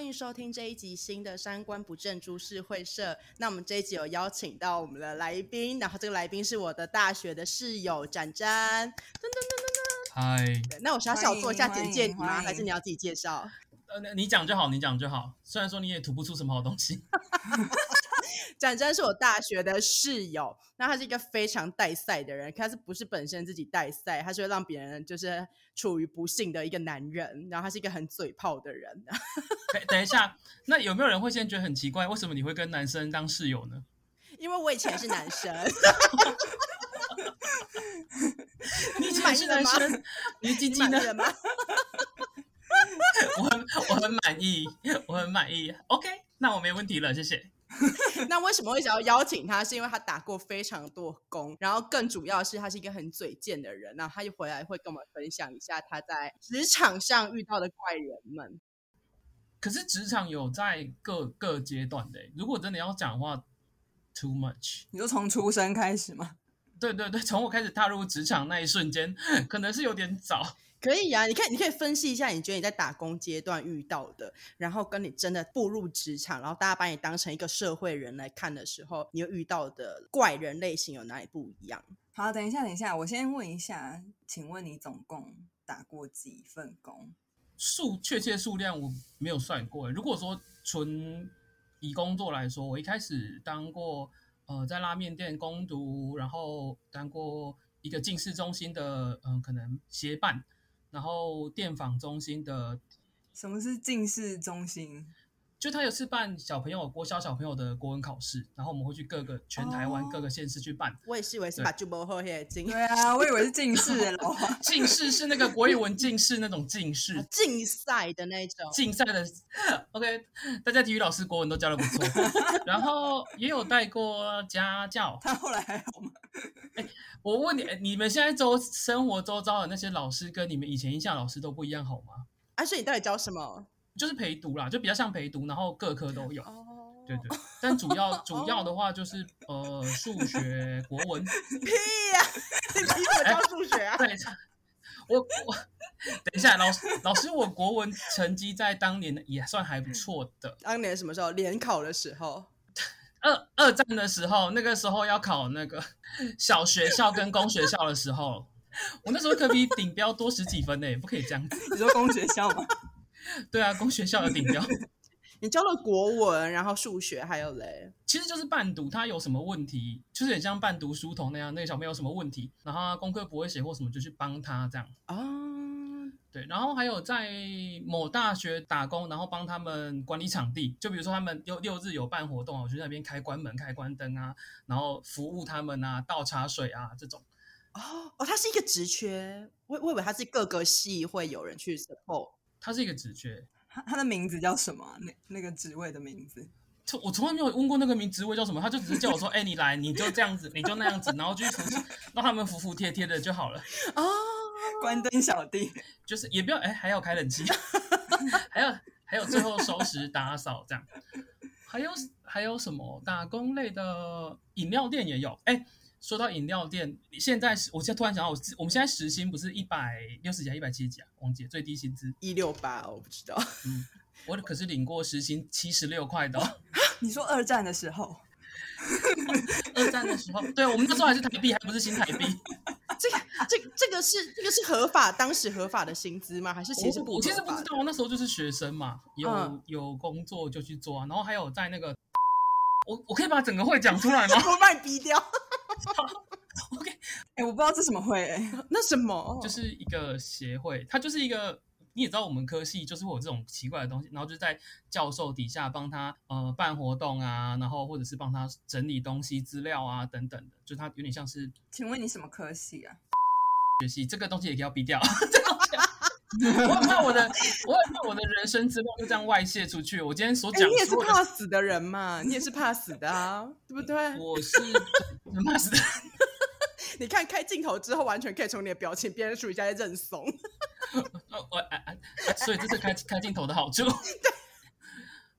歡迎收聽這一集新的三觀不正株式會社。那我們這一集有邀請到我們的來賓，然後這個來賓是我的大學的室友展展。噔噔噔噔噔。嗨。那我稍稍做一下簡介你嗎？還是你要自己介紹？你講就好，你講就好。雖然說你也吐不出什麼好東西。 展真是我大學的室友，那他是一個非常帶賽的人，可他是不是本身自己帶賽，他是會讓別人就是處於不幸的一個男人。然後他是一個很嘴炮的人。Okay, 等一下，那有沒有人會先覺得很奇怪，為什麼你會跟男生當室友呢？因為我以前是男生。 你以前是男生？你滿意了嗎？我 我很滿意，我很滿意。OK，那我沒問題了，謝謝。 那為什麼會想要邀請他？是因為他打過非常多工，然後更主要的是他是一個很嘴賤的人。然後他就回來會跟我們分享一下他在職場上遇到的怪人們。可是職場有在各個階段的，如果真的要講的話，too much，你說從出生開始嗎？對對對，從我開始踏入職場那一瞬間，可能是有點早。可以啊，你看，你可以分析一下，你覺得你在打工階段遇到的，然後跟你真的步入職場，然後大家把你當成一個社會人來看的時候，你又遇到的怪人類型有哪裡不一樣？好，等一下，等一下，我先問一下，請問你總共打過幾份工？數，確切數量我沒有算過。如果說純以工作來說，我一開始當過呃，在拉面店工讀，然後當過一個進市中心的嗯、呃，可能協辦。然後電訪中心的，什麼是競試中心？就他有次辦小朋友國小小朋友的國文考試，然後我們會去各個全台灣各個縣市去辦。我也是以為是法語博後近對啊，我以為是競試了。競 試是那個國語文競試那種競試競賽的那種競賽的。OK，大家體育老師國文都教得不錯， 然後也有帶過家教，他後來還好嗎？欸、我問你，你們現在周生活周遭的那些老師，跟你們以前印象老師都不一樣，好嗎？啊，所以你到底教什麼？就是陪讀啦，就比較像陪讀，然後各科都有。哦，對對，但主要主要的話就是、哦、呃，數學、國文。屁呀、啊！你怎麼教數學啊？欸、對，我，我等一下，老師老師，我國文成績在當年也算還不錯的。當年什麼時候？聯考的時候。二,二戰的時候，那個時候要考那個小學校跟公學校的時候，我那時候可比頂標多十幾分呢。欸，不可以這樣子。 你說公學校嗎？對啊，公學校的頂標。 你教了國文，然後數學還有嘞？其實就是伴讀。他有什麼問題，就是也像伴讀書童那樣，那個小朋友有什麼問題，然後功課不會寫或什麼，就去幫他這樣啊。Uh... 對，然後還有在某大學打工，然後幫他們管理場地，就比如說他們六六日有辦活動啊，我去那邊開關門、開關燈啊，然後服務他們啊，倒茶水啊這種。哦哦，他是一個職缺，我我以為他是各個系會有人去 support。他是一個職缺，他他的名字叫什麼？那那個職位的名字？我從來沒有問過那個名職位叫什麼，他就只是叫我說：“哎、 欸，你來，你就這樣子，你就那樣子， 然後就服， 讓他們服服帖帖的就好了。哦”啊。關燈小弟就是也不要哎、欸，還要開冷氣，還要還有最後收拾打掃這樣，還有還有什麼打工類的飲料店也有哎、欸。說到飲料店，現在我現在突然想到，我我們現在時薪不是一百六十幾還一百七十幾啊？王姐最低薪資一六八，168, 我不知道。嗯，我可是領過時薪七十六塊的、哦。你說二戰的時候，哦、二戰的時候，對啊，我們那時候還是台幣，還不是新台幣。 這個、這個、這個是這個是合法，當時合法的薪資嗎？還是其實我，我其實不知道，那時候就是學生嘛，有、嗯、有工作就去做啊。然後還有在那個，我我可以把整個會講出來嗎？我把你逼掉。OK，欸，我不知道這什麼會、欸，那什麼？就是一個協會，它就是一個。你也知道我們科系就是會有這種奇怪的東西，然後就在教授底下幫他呃辦活動啊，然後或者是幫他整理東西資料啊等等的，就他有點像是。請問你什麼科系啊？學系這個東西也可要避掉 我我，我很怕我的我很怕我的人生資料就這樣外洩出去。我今天所講的，你也是怕死的人嘛？你也是怕死的、啊，對不對？我是 怕死的。你看開鏡頭之後，完全可以從你的表情辨認出人家在認慫。所以這是開開鏡頭的好處。 對。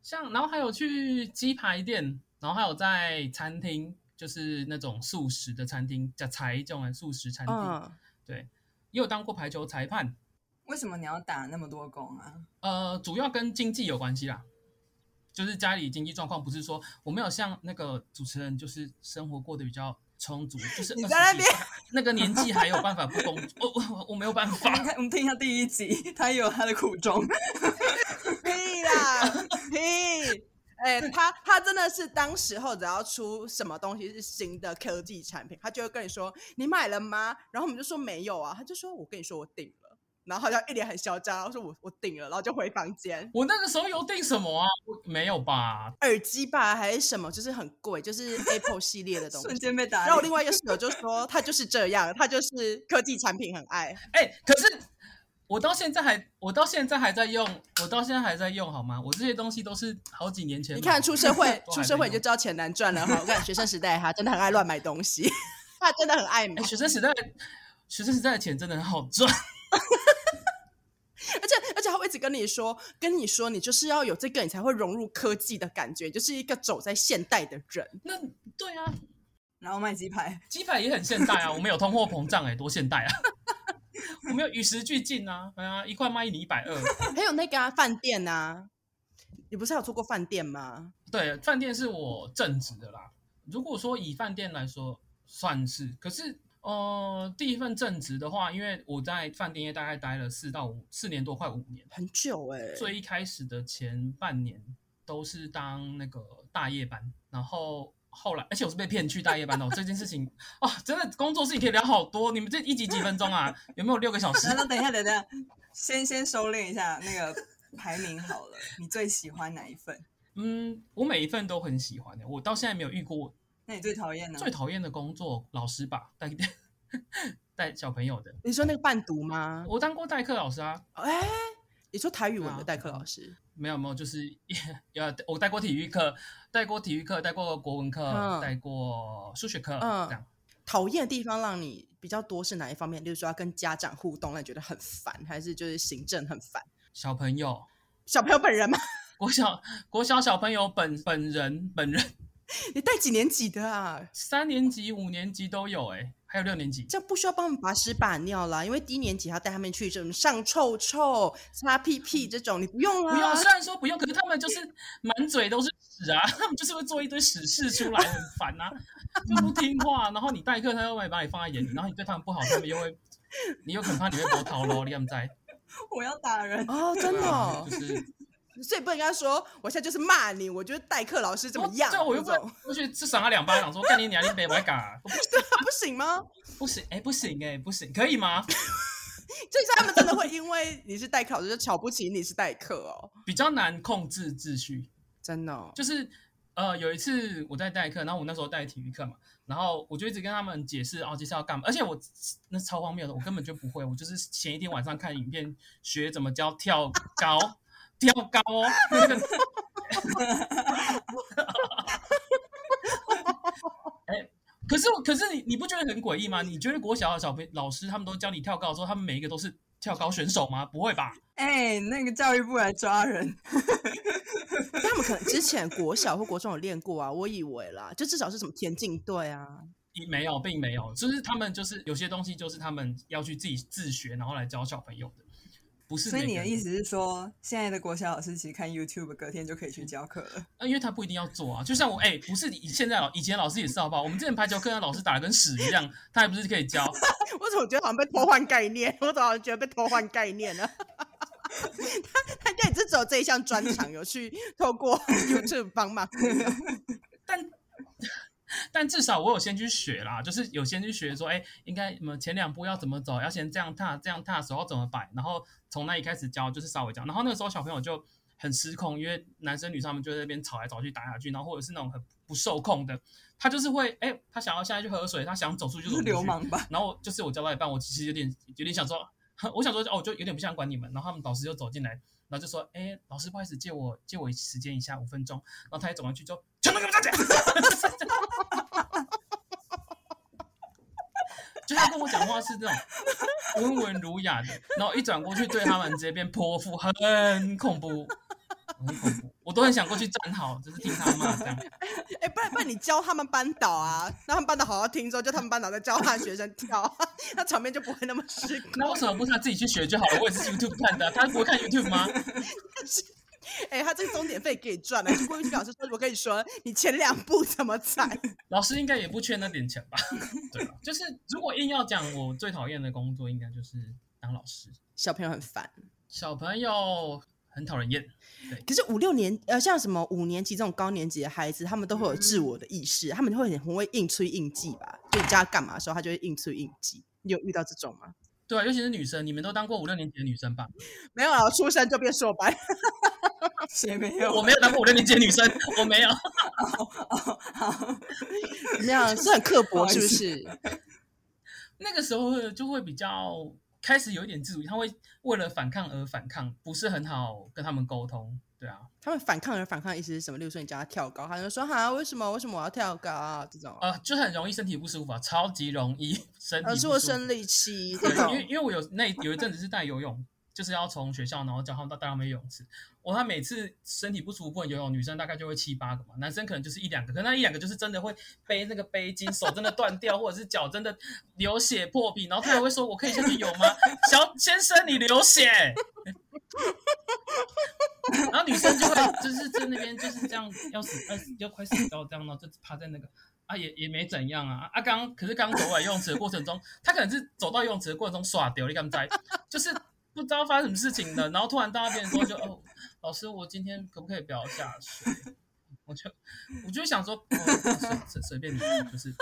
像，然後還有去雞排店，然後還有在餐廳，就是那種素食的餐廳，叫才這種素食餐廳。嗯、哦。對。也有當過排球裁判。為什麼你要打那麼多工啊？呃，主要跟經濟有關係啦。就是家裡經濟狀況，不是說我沒有像那個主持人，就是生活過得比較。充足，就是你在那邊那個年紀還有辦法不工作？ 我我我沒有辦法我。我們聽一下第一集，他也有他的苦衷。 屁啦， 屁。哎、欸，他他真的是當時候只要出什麼東西是新的科技產品，他就會跟你說你買了嗎？然後我們就說沒有啊，他就說我跟你說我訂。然後好像一臉很囂張，他說我我訂了，然後就回房間。我那個時候有訂什麼啊？我沒有吧？耳機吧，還是什麼？就是很貴，就是 Apple 系列的東西， 瞬間被打。然後另外一個室友就說，他就是這樣，他就是科技產品很愛。哎、欸，可是我到現在還，我到現在還在用，我到現在還在用，好嗎？我這些東西都是好幾年前的。你看出社會 出社會就知道錢難賺了好，好嘛？我跟你說，學生時代哈，真的很愛亂買東西， 他真的很愛買、欸。學生時代，學生時代的錢真的很好賺。而 且，而且，而且他會一直跟你說，跟你說，你就是要有這個，你才會融入科技的感覺，就是一個走在現代的人。那對啊，然後賣雞排，雞排也很現代啊。我們有通貨膨脹哎、欸，多現代啊！ 我們有與時俱進啊！哎呀，一塊賣你一百二， 還有那家、啊、飯店啊，你不是還有做過飯店嗎？對，飯店是我正職的啦。如果說以飯店來說，算是，可是呃，第一份正職的話，因為我在飯店業大概待了四到五四年多，快五年，很久誒、欸。最一開始的前半年都是當那個大夜班，然後後來，而且我是被騙去大夜班的。 這件事情哦，真的工作室你可以聊好多。你們這一集幾分鐘啊？ 有沒有六個小時？那等一下，等一下，先先收斂一下那個排名好了。 你最喜歡哪一份？嗯，我每一份都很喜歡的，我到現在沒有遇過。那你最討厭呢？最討厭的工作，老師吧，帶帶小朋友的。你說那個伴讀嗎？我當過代課老師啊。哎、欸，你說台語文的代課老師？嗯嗯嗯、沒有沒有，就是 yeah, yeah, 我帶過體育課，帶過體育課，帶過國文課，嗯、帶過數學課。嗯，這樣，討厭的地方讓你比較多是哪一方面？例如說要跟家長互動，那你覺得很煩，還是就是行政很煩？小朋友，小朋友本人嗎？國小國小小朋友本本人本人。本人。你帶幾年級的啊？三年級、五年級都有、欸，哎，還有六年級。這不需要幫我們把屎、把尿了，因為低年級要帶他們去這種上臭臭、擦屁屁這種，你不用了、啊。不用，雖然說不用，可是他們就是滿嘴都是屎啊， 他們就是會做一堆屎事出來，很煩啊， 就不聽話。然後你代課，他們又沒把你放在眼裡，然後你對他們不好， 他們又會，你又很怕你會被偷嘍，靚在，我要打人啊、哦！真的、哦。 就是所以不應該說我現在就是罵你。我覺得代課老師怎麼樣？我又走過去，去賞他兩巴掌說，說 幹你娘 你買買的白乾，我不， 不行嗎？不行，哎、欸，不行、欸，不行，可以嗎？ 就是他們真的會因為你是代課老師， 就瞧不起你是代課哦。比較難控制秩序，真的、哦。就是呃，有一次我在代課，然後我那時候代體育課嘛，然後我就一直跟他們解釋，哦，這次要幹嘛？而且我那超荒謬的，我根本就不會，我就是前一天晚上看影片學怎麼教跳高。 跳高哦，哦、那個 欸，可是我，可是你，你不覺得很詭異嗎？你覺得國小的小朋友老師他們都教你跳高之後，他們每一個都是跳高選手嗎？不會吧？哎、欸，那個教育部來抓人， 他們可能之前國小或國中有練過啊，我以為啦，就至少是什麼田徑隊啊，沒有，並沒有，就是他們就是有些東西就是他們要去自己自學，然後來教小朋友不是，所以你的意思是說，現在的國小老師其實看 YouTube，隔天就可以去教課了，嗯？啊，因為他不一定要做啊，就像我，哎、欸，不是你現在老，以前老師也是好不好？我們之前排球課，那老師打的跟屎一樣，他還不是可以教？ 我怎麼覺得好像被偷換概念？我怎麼好像覺得被偷換概念呢，啊？ 他他現在只有這一項專長，有去透過 YouTube 幫忙。 但至少我有先去學啦，就是有先去學說，欸，應該什麼前兩步要怎麼走，要先這樣踏這樣踏，手要怎麼擺，然後從那一開始教，就是稍微教，然後那個時候小朋友就很失控，因為男生女生他們就在那邊吵來吵去打下去，然後或者是那種很不受控的，他就是會欸，他想要下去喝喝水，他想走出去就走去流氓吧，然後就是我教到一半，我其實有點有點想說，我想說哦，就有點不想管你們，然後他們導師就走進來，然後就說，欸，老師不好意思，借我借我時間一下五分鐘，然後他也走上去就。全部給我站起來！就他跟我講話是那種溫文儒雅的，然後一轉過去對他們直接變潑婦，很恐怖，很恐怖。我都很想過去站好，就是聽他罵這樣。不、欸、然、欸、不然你教他們班導啊，讓他們班導好好聽說，就他們班導在教他學生跳，那 場面就不會那麼失控。那為什麼不他自己去學就好了？我也是 YouTube 看的，他不會看 YouTube 嗎？ 哎、欸，他這個鐘點費，可以賺了。就郭玉老師說，我跟你說，你前兩步怎麼踩？老師應該也不缺那點錢吧？對吧，就是如果硬要講，我最討厭的工作應該就是當老師，小朋友很煩，小朋友很討人厭。對，可是五六年呃，像什麼五年級這種高年級的孩子，他們都會有自我的意識，他們會很會硬吹硬記吧？就你叫他幹嘛的時候，他就會硬吹硬記。你有遇到這種嗎？對、啊、尤其是女生，你們都當過五六年級的女生吧？沒有啊，出生就變瘦白， 誰沒有啊？我沒有當過五六年級的女生，我沒有。好，怎麼樣？是很刻薄，是不是？不 那個時候就會比較開始有點自主，他會為了反抗而反抗，不是很好跟他們溝通。對啊，他們反抗，而反抗意思是什麼？六歲你叫他跳高，他就說哈，為什麼？為什麼我要跳高啊？這種啊，呃、就很容易身體不舒服，啊，超級容易身體不舒服。而是我生理期。哦、因為因為我有那一有一陣子是帶游泳， 就是要從學校然後叫他到大家沒游泳池。我他每次身體不舒服不能游泳，女生大概就會七八個嘛，男生可能就是一兩個。可那一兩個就是真的會背那個背筋，手真的斷掉， 或者是腳真的流血破皮，然後他還會說：“我可以下去游嗎？” 小先生，你流血。 然後女生就會就是在那邊就是這樣要死要、啊、快死掉這樣呢，就趴在那個啊也也沒怎樣啊。阿、啊、剛可是剛走完游泳池的過程中，她可能是走到游泳池的過程中摔倒，你敢在就是不知道發生什麼事情的，然後突然到那邊說就哦老師，我今天可不可以不要下水？我就我就想說隨隨隨便你，就是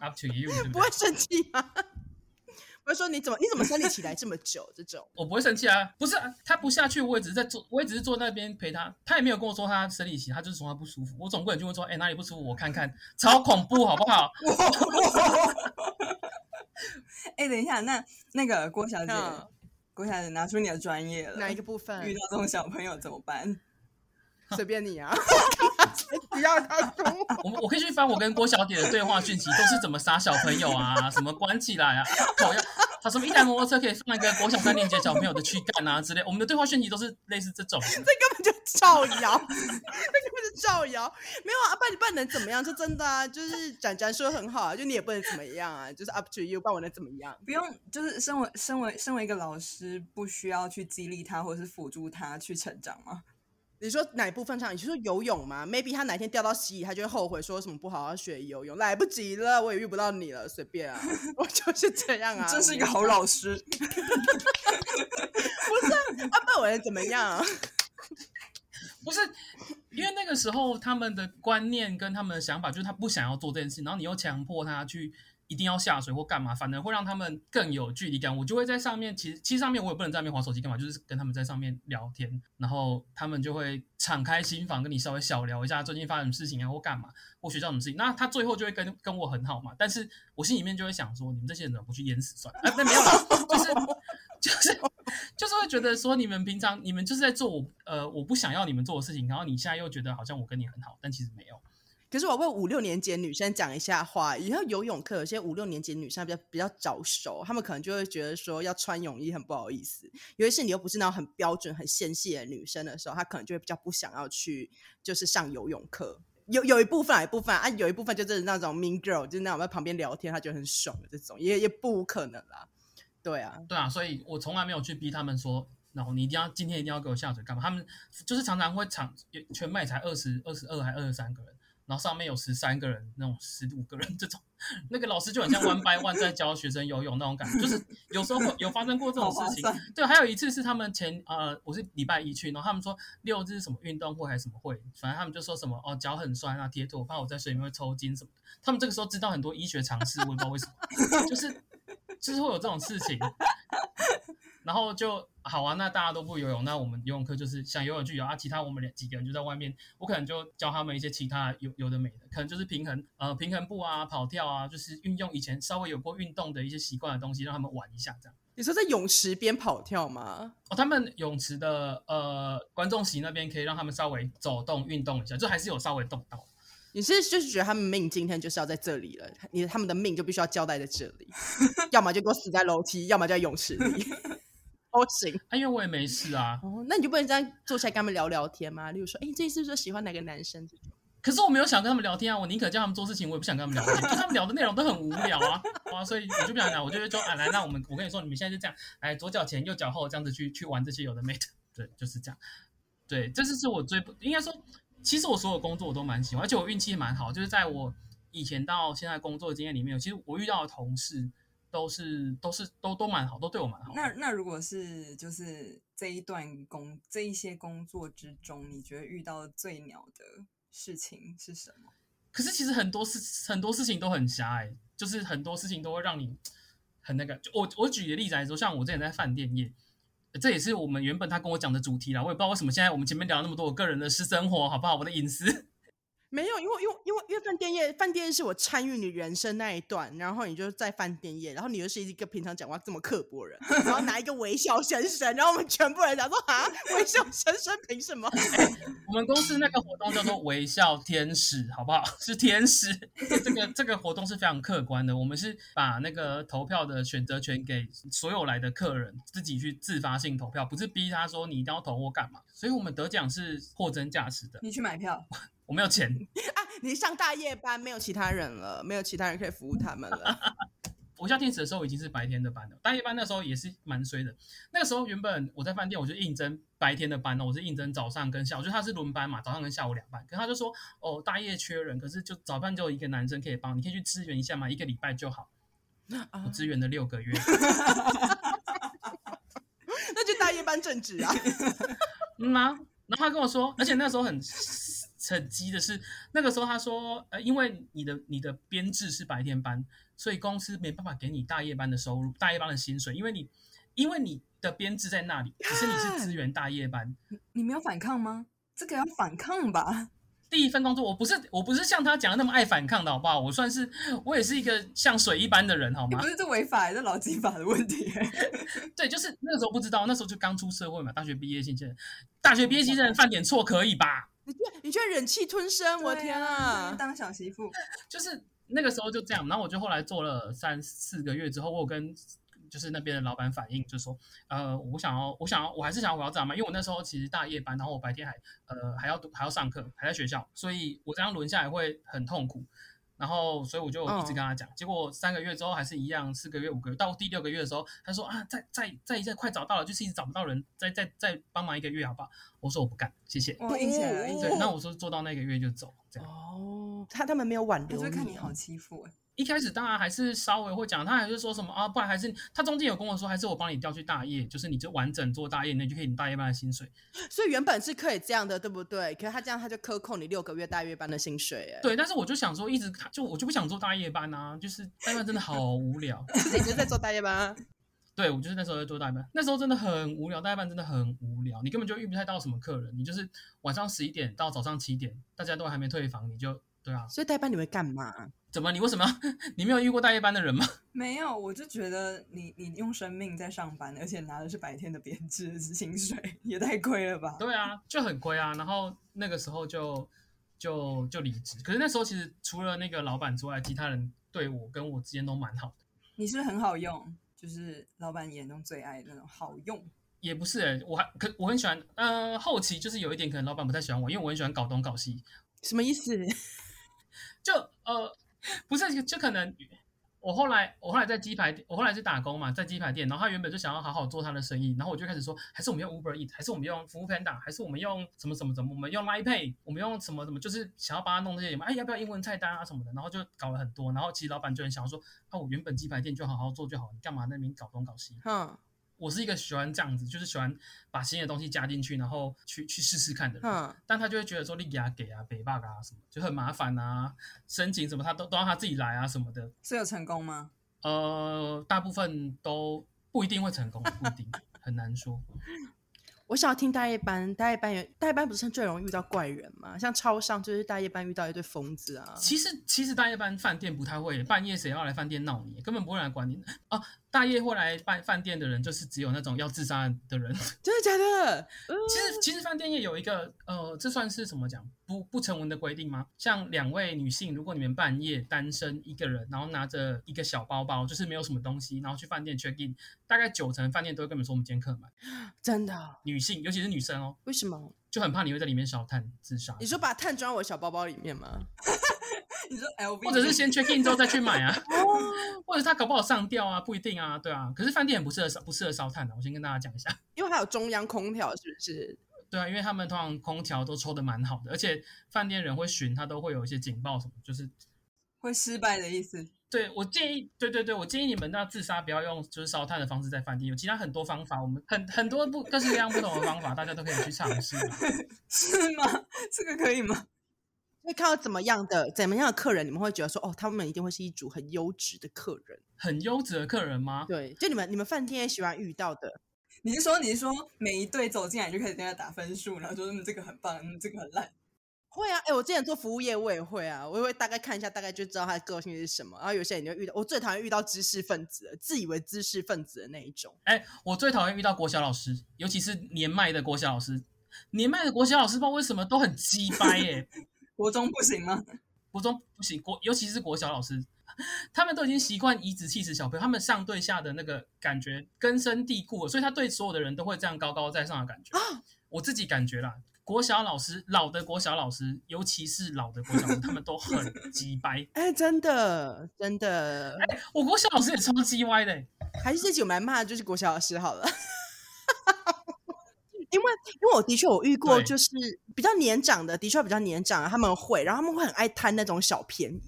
up to you，不會生氣嗎、啊？我說：“你怎麼，你怎麼生理期來這麼久？這種我不會生氣啊，不是他不下去，我也只是在坐，我也只是坐在那邊陪他。他也沒有跟我說他生理期，他就是說他不舒服。我總歸有就會說，哎、欸，哪裡不舒服？我看看，超恐怖， 好不好？”哎、 欸，等一下，那那個郭小姐，郭小姐拿出你的專業了，哪一個部分遇到這種小朋友怎麼辦？隨 便你啊，不要他說。我我可以去翻我跟郭小姐的對話訊息，都是怎麼殺小朋友啊， 什麼關起來啊 他，他說一台摩托車可以撞一個國小三年級小朋友的軀幹啊之類的。我們的對話訊息都是類似這種。 這根本就造謠， 這根本就造謠。 沒有啊，爸，你爸能怎麼樣？就真的啊，就是展展說得很好啊，就你也不能怎麼樣啊，就是 up to you，爸我能怎麼樣？不用，就是身為身為身為一個老師，不需要去激勵他或者是輔助他去成長嗎？你說哪一部分上？你說游泳嗎？Maybe 他哪天掉到溪裡，他就會後悔，說什麼不好好、啊、學游泳，來不及了，我也遇不到你了，隨便啊，我就是這樣啊。真是一個好老師。 不是、啊，他、啊、罵我也怎麼樣、啊？ 不是，因為那個時候他們的觀念跟他們的想法，就是他不想要做這件事，然後你又強迫他去。一定要下水或幹嘛，反而會讓他們更有距離感。我就會在上面，其實其實上面我也不能在那邊划手機幹嘛，就是跟他們在上面聊天，然後他們就會敞開心房跟你稍微小聊一下最近發生什麼事情啊或幹嘛或學校什麼事情。那他最後就會跟跟我很好嘛，但是我心裡面就會想說，你們這些人怎麼不去淹死算了。哎，但沒有，就是就是就是會覺得說你們平常你們就是在做我呃我不想要你們做的事情，然後你現在又覺得好像我跟你很好，但其實沒有。可是我為五六年級的女生講一下話，以後游泳課有些五六年級的女生比較比較早熟，她們可能就會覺得說要穿泳衣很不好意思。尤其是你又不是那種很標準、很纖細的女生的時候，她可能就會比較不想要去，就是上游泳課。有有一部分、啊，有一部分啊，啊，有一部分就是那種 mean girl，就是那種在旁邊聊天，她覺得很爽的這種，也也不可能啦。對啊，對啊，所以我從來沒有去逼他們說，然後你一定要今天一定要給我下水幹嘛？他們就是常常會場全班才二十、二十二還二十三個人。然後上面有十三個人，那種十五個人這種，那個老師就很像 one by one 在教學生游泳那種感覺。 就是有時候會有發生過這種事情，對。還有一次是他們前呃，我是禮拜一去，然後他們說六日什麼運動會還是什麼會，反正他們就說什麼哦腳很酸啊，鐵腿，我怕我在水裡面會抽筋什麼的。他們這個時候知道很多醫學常識，我也不知道為什麼， 就是就是會有這種事情。 然後就好啊，那大家都不游泳，那我們游泳課就是想游泳去游啊。其他我們兩幾個人就在外面，我可能就教他們一些其他有有的、沒的，可能就是平衡呃平衡步啊、跑跳啊，就是運用以前稍微有過運動的一些習慣的東西，讓他們玩一下這樣。你說在泳池邊跑跳嗎？哦，他們泳池的呃觀眾席那邊可以讓他們稍微走動運動一下，就還是有稍微動到。你是，是就是覺得他們命今天就是要在這裡了，你他們的命就必須要交代在這裡，要麼就給我死在樓梯，要麼就在泳池裡。 不行，因為我也沒事啊。哦，那你就不能這樣坐下來跟他們聊聊天嗎？例如說，哎、欸，這次說喜歡哪個男生？可是我沒有想跟他們聊天啊，我寧可叫他們做事情，我也不想跟他們聊天， 就他們聊的內容都很無聊啊，哇、 啊！所以我就不想聊。我就會說，啊，來，那我們我跟你說，你們現在就這樣，哎，左腳前，右腳後，這樣子去去玩這些有的沒的，對，就是這樣。對，這次是我最不應該說，其實我所有工作我都蠻喜歡，而且我運氣蠻好，就是在我以前到現在的工作經驗裡面，其實我遇到的同事。都是都是都都蠻好，都對我蠻好。那那如果是就是這一段工這一些工作之中，你覺得遇到最鳥的事情是什麼？可是其實很多事很多事情都很狹隘、欸，就是很多事情都會讓你很那個。就我我舉個例子來說，像我之前在飯店業，這也是我們原本他跟我講的主題啦。我也不知道為什麼現在我們前面聊那麼多我個人的私生活，好不好？我的隱私。沒有，因為因為因為因為飯店業，飯店業是我參與你人生那一段，然後你就在飯店業，然後你又是一個平常講話這麼刻薄人，然後拿一個微笑先生，然後我們全部人講說啊，微笑先生憑什麼？ 我們公司那個活動叫做微笑天使，好不好？是天使，這個這個活動是非常客觀的，我們是把那個投票的選擇權給所有來的客人自己去自發性投票，不是逼他說你一定要投我幹嘛？所以我們得獎是貨真價實的。你去買票。 我沒有錢、啊、你上大夜班，沒有其他人了，沒有其他人可以服務他們了。 我下天使的時候已經是白天的班了，大夜班那時候也是蠻衰的。那個時候原本我在飯店，我就應徵白天的班了，我是應徵早上跟下午，我覺得他是輪班嘛，早上跟下午兩班，可是他就說哦，大夜缺人，可是就早上就一個男生可以幫，你可以去支援一下嘛，一個禮拜就好、啊。我支援了六個月， 那就大夜班正職啊。 嗯啊然後他跟我說，而且那時候很。 很急的是，那個時候他說：“呃，因為你的你的編制是白天班，所以公司沒辦法給你大夜班的收入、大夜班的薪水，因為你，因為你的編制在那裡，只是你是支援大夜班。Yeah! ”你沒有反抗嗎？這個要反抗吧？第一份工作，我不是我不是像他講的那麼愛反抗的，好不好？我算是我也是一個像水一般的人，好嗎？不是這違法，是勞基法的問題。 對，就是那個時候不知道，那時候就剛出社會嘛，大學畢業新人，大學畢業新人犯點錯可以吧？你居然，你居然忍氣吞聲、啊，我天啊！當小媳婦就是那個時候就這樣，然後我就後來做了三四個月之後，我有跟就是那邊的老板反映，就說呃，我想要我想要，我還是想要我要這樣嘛，因為我那時候其實大夜班，然後我白天還呃還要讀還要上課，還在學校，所以我這樣輪下來會很痛苦。然後，所以我就一直跟他講，oh. 結果三個月之後還是一樣，四個月、五個月，到第六個月的時候，他說啊，再再再一下，再再快找到了，就是一直找不到人，再再再幫忙一個月，好不好？我說我不幹，謝謝，不硬而已。對，uh, 那我說做到那個月就走，這樣。哦，他他們沒有挽留，就看你好欺負一開始當然還是稍微會講，他還是說什麼啊？不然還是他中間有跟我說，還是我幫你調去大夜，就是你就完整做大夜，那就可以你大夜班的薪水。所以原本是可以這樣的，對不對？可是他這樣他就克扣你六個月大夜班的薪水哎。對，但是我就想說，一直就我就不想做大夜班啊，就是大夜班真的好無聊。就是你就在做大夜班，對我就是那時候在做大夜班， 那時候真的很無聊，大夜班真的很無聊，你根本就遇不太到什麼客人，你就是晚上十一點到早上七點，大家都還沒退房，你就對啊。所以大夜班你會幹嘛？怎麼？你為什麼？你沒有遇過大夜班的人嗎？沒有，我就覺得你你用生命在上班，而且拿的是白天的編制的薪水，也太虧了吧？對啊，就很虧啊。然後那個時候就就就離職。可是那時候其實除了那個老闆之外，其他人對我跟我之間都蠻好的。你是不是很好用，就是老闆眼中最愛的那種好用。也不是欸，我還可我很喜歡。呃，後期就是有一點可能老闆不太喜歡我，因為我很喜歡搞東搞西。什麼意思？就呃。 不是，就可能我後來我後來在雞排店，我後來去打工嘛，在雞排店，然後他原本就想要好好做他的生意，然後我就開始說，還是我們用 Uber Eat，還是我們用 Foodpanda，還是我們用什麼什麼什麼，我們用 Line Pay，我們用什麼什麼，就是想要幫他弄這些，哎，要不要英文菜單啊什麼的，然後就搞了很多，然後其實老闆就很想要說，哦、啊，我原本雞排店就好好做就好，你干嘛那邊搞東搞西？嗯、哦。我是一個喜歡這樣子，就是喜歡把新的東西加進去，然後去去試試看的人。嗯，但他就會覺得說，你啊，給啊，北霸啊什麼就很麻煩啊，申請什麼他都都讓他自己來啊什麼的。是有成功嗎？呃，大部分都不一定會成功，不一定 很難說。我想要聽大夜班，大夜班有大夜班不是最容易遇到怪人嗎？像超商就是大夜班遇到一堆瘋子啊。其實其實大夜班飯店不太會，半夜誰要來飯店鬧你，根本不會來管你啊。大夜會來辦飯店的人，就是只有那種要自殺的人。真的假的？其實其實飯店業有一個呃，這算是什麼講，不不成文的規定嗎？像兩位女性，如果你們半夜單身一個人，然後拿着一個小包包，就是沒有什麼東西，然後去飯店 check in，大概九成飯店都會跟你們說，我們今天客滿。真的、啊？女性，尤其是女生哦、喔。為什麼？就很怕你會在裡面燒炭自殺。你說把炭裝在我小包包裡面嗎？ 你說 L V，或者是先 check in 之後再去買啊， 或者他搞不好上吊啊，不一定啊，對啊。可是飯店很不適合燒不適合燒炭的。啊，我先跟大家講一下，因為它有中央空調是不是？對啊，因為他們通常空調都抽得蠻好的，而且飯店人會巡，他都會有一些警報什麼，就是會失敗的意思。對，我建議，對對對，我建議你們大家自殺，不要用就是燒炭的方式在飯店，有其他很多方法，我們很很多不各式各樣不同的方法，大家都可以去嘗試。是嗎？這個可以嗎？會看到怎麼樣的、怎麼樣的客人，你們會覺得說：“哦，他們一定會是一組很優質的客人，很優質的客人嗎？”對，就你們你們飯店也喜歡遇到的。你是說你是說，每一對走進來就開始跟他打分數，然後說：“嗯，這個很棒，嗯，這個很爛。”會啊，哎、欸，我之前做服務業，我也會啊，我也會大概看一下，大概就知道他的個性是什麼。然後有些人就遇到，我最討厭遇到知識分子，自以為知識分子的那一種。哎、欸，我最討厭遇到國小老師，尤其是年邁的國小老師。年邁的國小老師不知道為什麼都很雞掰耶、欸。 國中不行嗎？國中不行，國尤其是國小老師，他們都已經習慣頤指氣使小朋友，他們上對下的那個感覺根深蒂固了，所以他對所有的人都會這樣高高在上的感覺、啊。我自己感覺啦，國小老師，老的國小老師，尤其是老的國小老師， 他們都很雞掰。哎、欸，真的真的、欸，我國小老師也超雞歪的、欸，還是這集蠻罵的，就是國小老師好了。因為，因為我的確我遇過，就是比較年長的，的確比較年長，他們會，然後他們會很愛貪那種小便宜，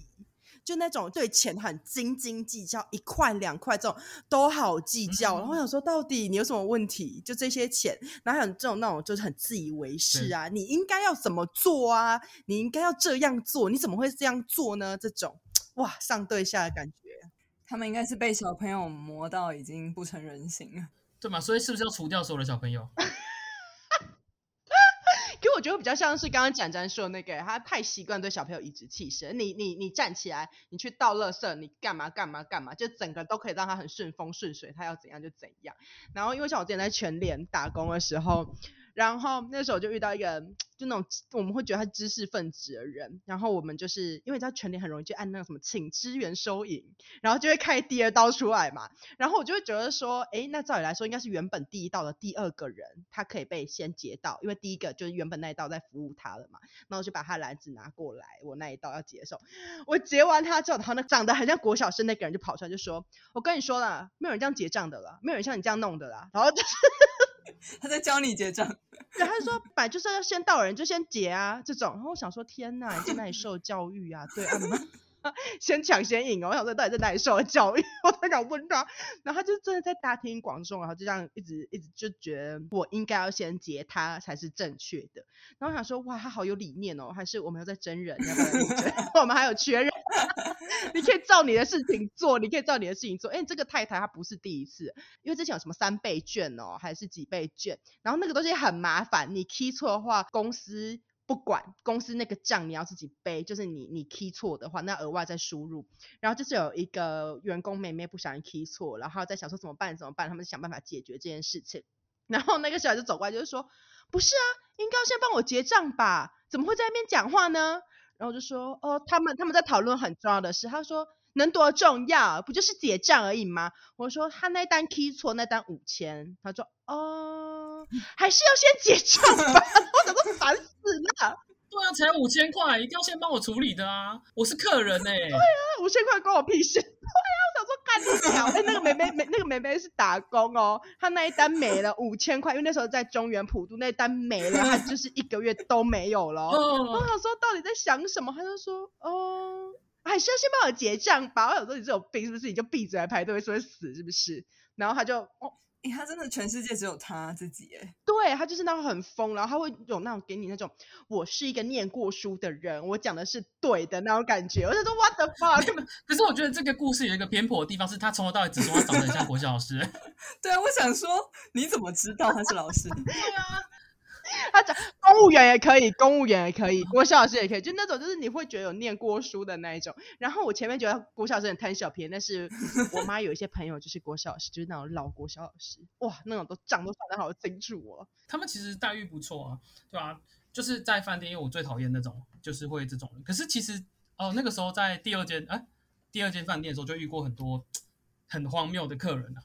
就那種對錢很斤斤計較，一塊兩塊這種都好計較。然後，嗯，我想說，到底你有什麼問題？就這些錢，然後還有這種那種，就是很自以為是啊！你應該要怎麼做啊？你應該要這樣做，你怎麼會這樣做呢？這種哇，上對下的感覺，他們應該是被小朋友磨到已經不成人形了，對嘛？所以是不是要除掉所有的小朋友？ 其實我覺得比較像是剛剛展展說的那個，他太習慣對小朋友頤指氣使。你你你站起來，你去倒垃圾，你幹嘛幹嘛幹嘛，就整個都可以讓他很順風順水，他要怎樣就怎樣。然後因為像我之前在全聯打工的時候。然後那時候就遇到一個就那種我們會覺得他知識分子的人，然後我們就是因為他全聯很容易就按那個什麼請支援收銀，然後就會開第二道出來嘛。然後我就會覺得說，誒，那照理來說應該是原本第一道的第二個人，他可以被先結到，因為第一個就是原本那一道在服務他了嘛。然後我就把他的籃子拿過來，我那一道要接受。我結完他之後，然後那長得很像國小生那個人就跑出來就說：“我跟你說了，沒有人這樣結賬的啦，沒有人像你這樣弄的啦。”然後就是。 他在教你結賬，對，他就說，擺就是要先到人就先結啊這種。然後我想說，天哪，你在哪裡受教育啊？對啊，們先搶先贏哦。我想說，到底在哪裡受的教育？我在搞問他，然後他就真的在大庭廣眾，然後就這樣一直一直就覺得我應該要先結他才是正確的。然後我想說哇，他好有理念哦，還是我們要在真人，要不要我們還有缺人。 你可以照你的事情做，你可以照你的事情做。哎、欸，這個太太她不是第一次，因為之前有什麼三倍券哦，還是幾倍券，然後那個東西很麻煩，你 key 錯的話，公司不管，公司那個賬你要自己背。就是你你 key 錯的話，那額外再輸入。然後就是有一個員工妹妹不小心 key 錯，然後在想說怎麼辦怎麼辦，他們就想辦法解決這件事情。然後那個小孩就走過來，就是說，不是啊，應該要先幫我結賬吧，怎麼會在那邊講話呢？然後我就說，哦，他們他們在討論很重要的事。他說，能多重要？不就是結賬而已嗎？我說，他那單 key 錯，那單五千。他說，哦，還是要先結賬吧。 我講都煩死了。對啊，才五千塊，一定要先幫我處理的啊。我是客人呢、欸。 對啊，五千塊關我屁事。哎、欸，那個妹妹， 妹，那個妹妹是打工哦，她那一單沒了五千塊，因為那時候在中元普渡，那一單沒了，她就是一個月都沒有了。 我想說到底在想什麼，她就說：“哦，哎，先幫我結賬吧。”我想說我有時候你這種病是不是你就閉嘴來排隊會不會死是不是？然後他就哦、欸，他真的全世界只有他自己哎，對，他就是那種很瘋，然後他會有那種給你那種我是一個念過書的人，我講的是對的那種感覺，我就說 What the fuck？可是我覺得這個故事有一個偏頗的地方，是他從頭到尾只說他長得很像國小老師。 對啊，我想說你怎麼知道他是老師？ 對啊。 他講公務員也可以，公務員也可以，國小老師也可以，就那種就是你會覺得有念過書的那一種。然後我前面覺得國小老師很貪小便宜，但是我媽有一些朋友就是國小老師，就是那種老國小老師，哇，那種都長得都長得好精緻哦。他們其實待遇不錯啊，對啊，就是在飯店，因為我最討厭那種就是會這種人。可是其實哦、呃，那個時候在第二間、欸、第二間飯店的時候就遇過很多很荒謬的客人了，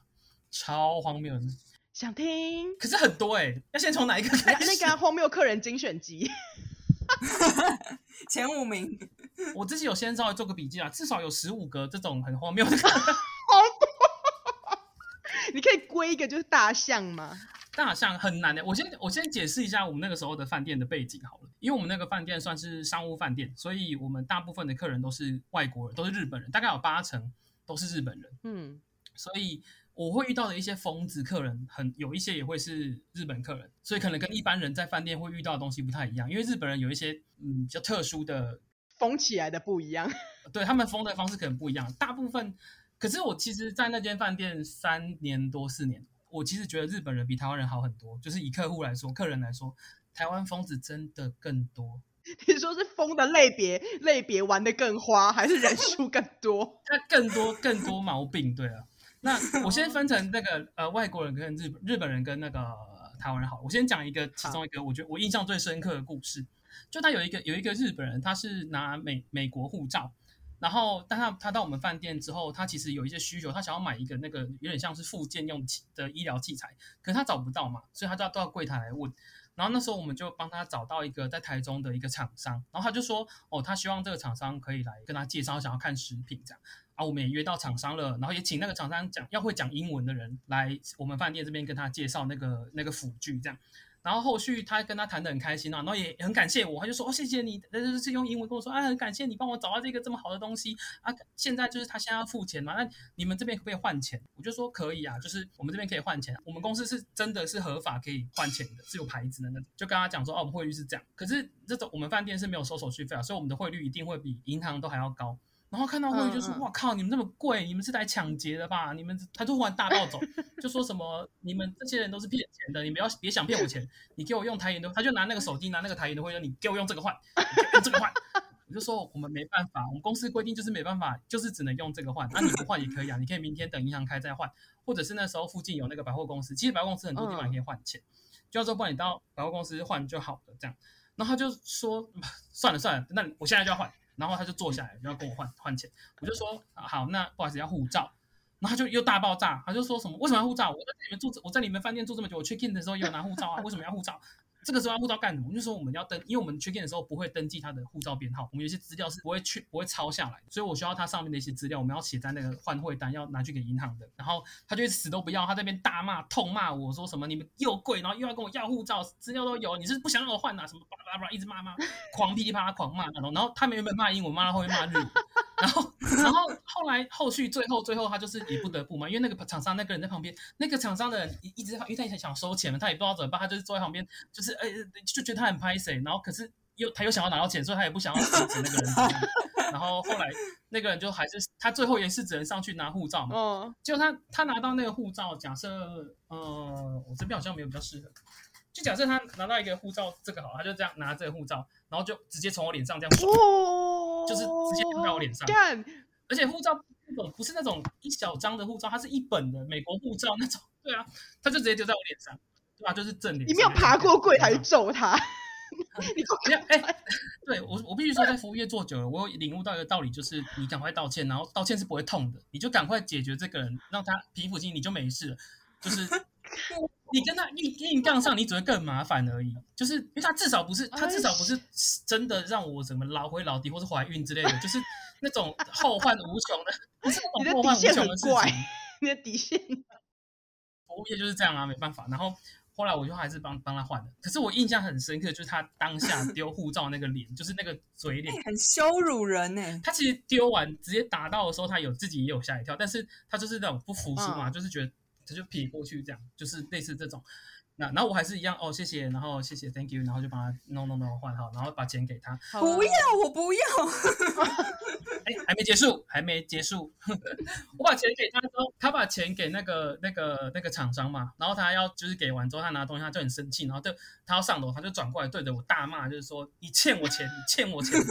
超荒謬、就是。想聽？可是很多哎、欸，要先從哪一個開始？啊、那個荒謬客人精選集， 前五名。我自己有先稍微做個筆記啊，至少有十五個這種很荒謬的客人 好多。哦， 你可以歸一個就是大象嗎？大象很難的、欸。我先我先解釋一下我們那個時候的飯店的背景好了，因為我們那個飯店算是商務飯店，所以我們大部分的客人都是外國人，都是日本人，大概有八成都是日本人。嗯，所以。我會遇到的一些瘋子客人，很，有一些也會是日本客人，所以可能跟一般人在飯店會遇到的東西不太一樣。因為日本人有一些嗯比較特殊的瘋起來的不一樣。對，他們瘋的方式可能不一樣，大部分。可是我其實在那間飯店三年多四年，我其實覺得日本人比台灣人好很多。就是以客戶來說，客人來說，台灣瘋子真的更多。你說是瘋的類別、類別玩得更花，還是人數更多？那 更多更多毛病，對啊。 那我先分成那個呃外國人跟日日本人、跟那個台灣人好了，我先講一個其中一個我覺得我印象最深刻的故事，就他有一個有一個日本人，他是拿美美國護照，然後但他他到我們飯店之後，他其實有一些需求，他想要買一個那個有點像是復健用的醫療器材，可是他找不到嘛，所以他就要到櫃檯來問，然後那時候我們就幫他找到一個在台中的一個廠商，然後他就說哦，他希望這個廠商可以來跟他介紹，想要看食品這樣。啊，我們也約到廠商了，然後也請那個廠商講要會講英文的人來我們飯店這邊跟他介紹那個那個輔具這樣，然後後續他跟他談得很開心啊，然後也很感謝我，他就說哦謝謝你，那就是用英文跟我說啊，很感謝你幫我找到這個這麼好的東西啊，現在就是他現在要付錢嘛，那你們這邊可不可以換錢？我就說可以啊，就是我們這邊可以換錢、啊，我們公司是真的是合法可以換錢的，是有牌子的，那就跟他講說哦、啊、我們匯率是這樣，可是這種我們飯店是沒有收手續費啊，所以我們的匯率一定會比銀行都還要高。然後看到匯率就說：“哇靠！你們這麼貴，你們是來搶劫的吧？你們他就忽然大暴走， 就說什麼你們這些人都是騙錢的，你們要別想騙我錢，你給我用台銀的。”他就拿那個手機拿那個台銀的匯率，你給我用這個換，你用這個換，我 就說我們沒辦法，我們公司規定就是沒辦法，就是只能用這個換。那、啊、你不換也可以啊，你可以明天等銀行開再換，或者是那時候附近有那個百貨公司，其實百貨公司很多地方也可以換錢， 就要說不然你到百貨公司換就好了這樣。然後他就說：“算了算了，算了，那我現在就要換。”然後他就坐下來，然後跟我換換錢，我就說、啊、好，那不好意思，要護照。然後他就又大爆炸，他就說什麼？為什麼要護照？我在你們住，我在你們飯店住這麼久，我 check in 的時候也有拿護照啊？ 為什麼要護照？這個時候要護照幹什麼？就說我們要登，因為我們缺件的時候不會登記他的護照編號，我們有些資料是不會去不會抄下來，所以我需要他上面的一些資料，我們要寫在那個換匯單，要拿去給銀行的。然後他就死都不要，他在那邊大罵痛罵我說什麼你們又貴，然後又要跟我要護照資料都有，你是不想讓我換啊？什麼吧吧吧，一直罵罵，狂噼裡啪啦狂罵,狂罵那種。然後他們原本罵英文，罵到後面罵日語。 然後，然後後來後續最後最後他就是也不得不嘛，因為那個廠商那個人在旁邊，那個廠商的人一一直在，因為他也想收錢嘛，他也不知道怎麼辦，他就是坐在旁邊，就是、哎、就覺得他很歹勢，然後可是又他又想要拿到錢，所以他也不想要收錢。那個人。 然後後來那個人就還是他最後也是只能上去拿護照嘛。嗯。結果他他拿到那個護照，假設嗯、呃、我這邊好像沒有比較適合，就假設他拿到一個護照，這個好了，他就這樣拿這個護照，然後就直接從我臉上這樣。哦就是直接丟在我臉上，oh, 而且護照不是，那種不是那種一小張的護照，它是一本的美國護照那種。對啊，它就直接丟在我臉上，對吧，啊？就是正臉。你沒有爬過櫃台揍他？不 要，嗯欸、對我，我必須說，在服務業做久了，我有領悟到一個道理，就是你趕快道歉，然後道歉是不會痛的，你就趕快解決這個人，讓他皮膚清，你就沒事了。就是。 你跟他硬硬槓上，你只會更麻煩而已。就是因為他至少不是，他至少不是真的讓我怎麼老回老底，或是懷孕之類的，就是那種後患無窮的，不是那種後患無窮的事情。你的底線很怪，你的底線，服務業就是這樣啊，沒辦法。然後後來我就還是幫幫他換了。可是我印象很深刻，就是他當下丟護照那個臉，就是那個嘴臉，很羞辱人呢。他其實丟完直接打到的時候，他有自己也有嚇一跳，但是他就是那種不服輸嘛，就是覺得。他就劈過去這樣，就是類似這種。那然後我還是一樣哦，謝謝，然後謝謝，thank you，然後就把他弄弄弄換好，然後把錢給他。Hello. 不要，我不要。 哎，還沒結束，還沒結束。 我把錢給他之後，他把錢給那個那個那個廠商嘛。然後他要就是給完之後，他拿東西，他就很生氣，然後就他要上樓，他就轉過來對着我大罵，就是說你欠我錢，你欠我錢，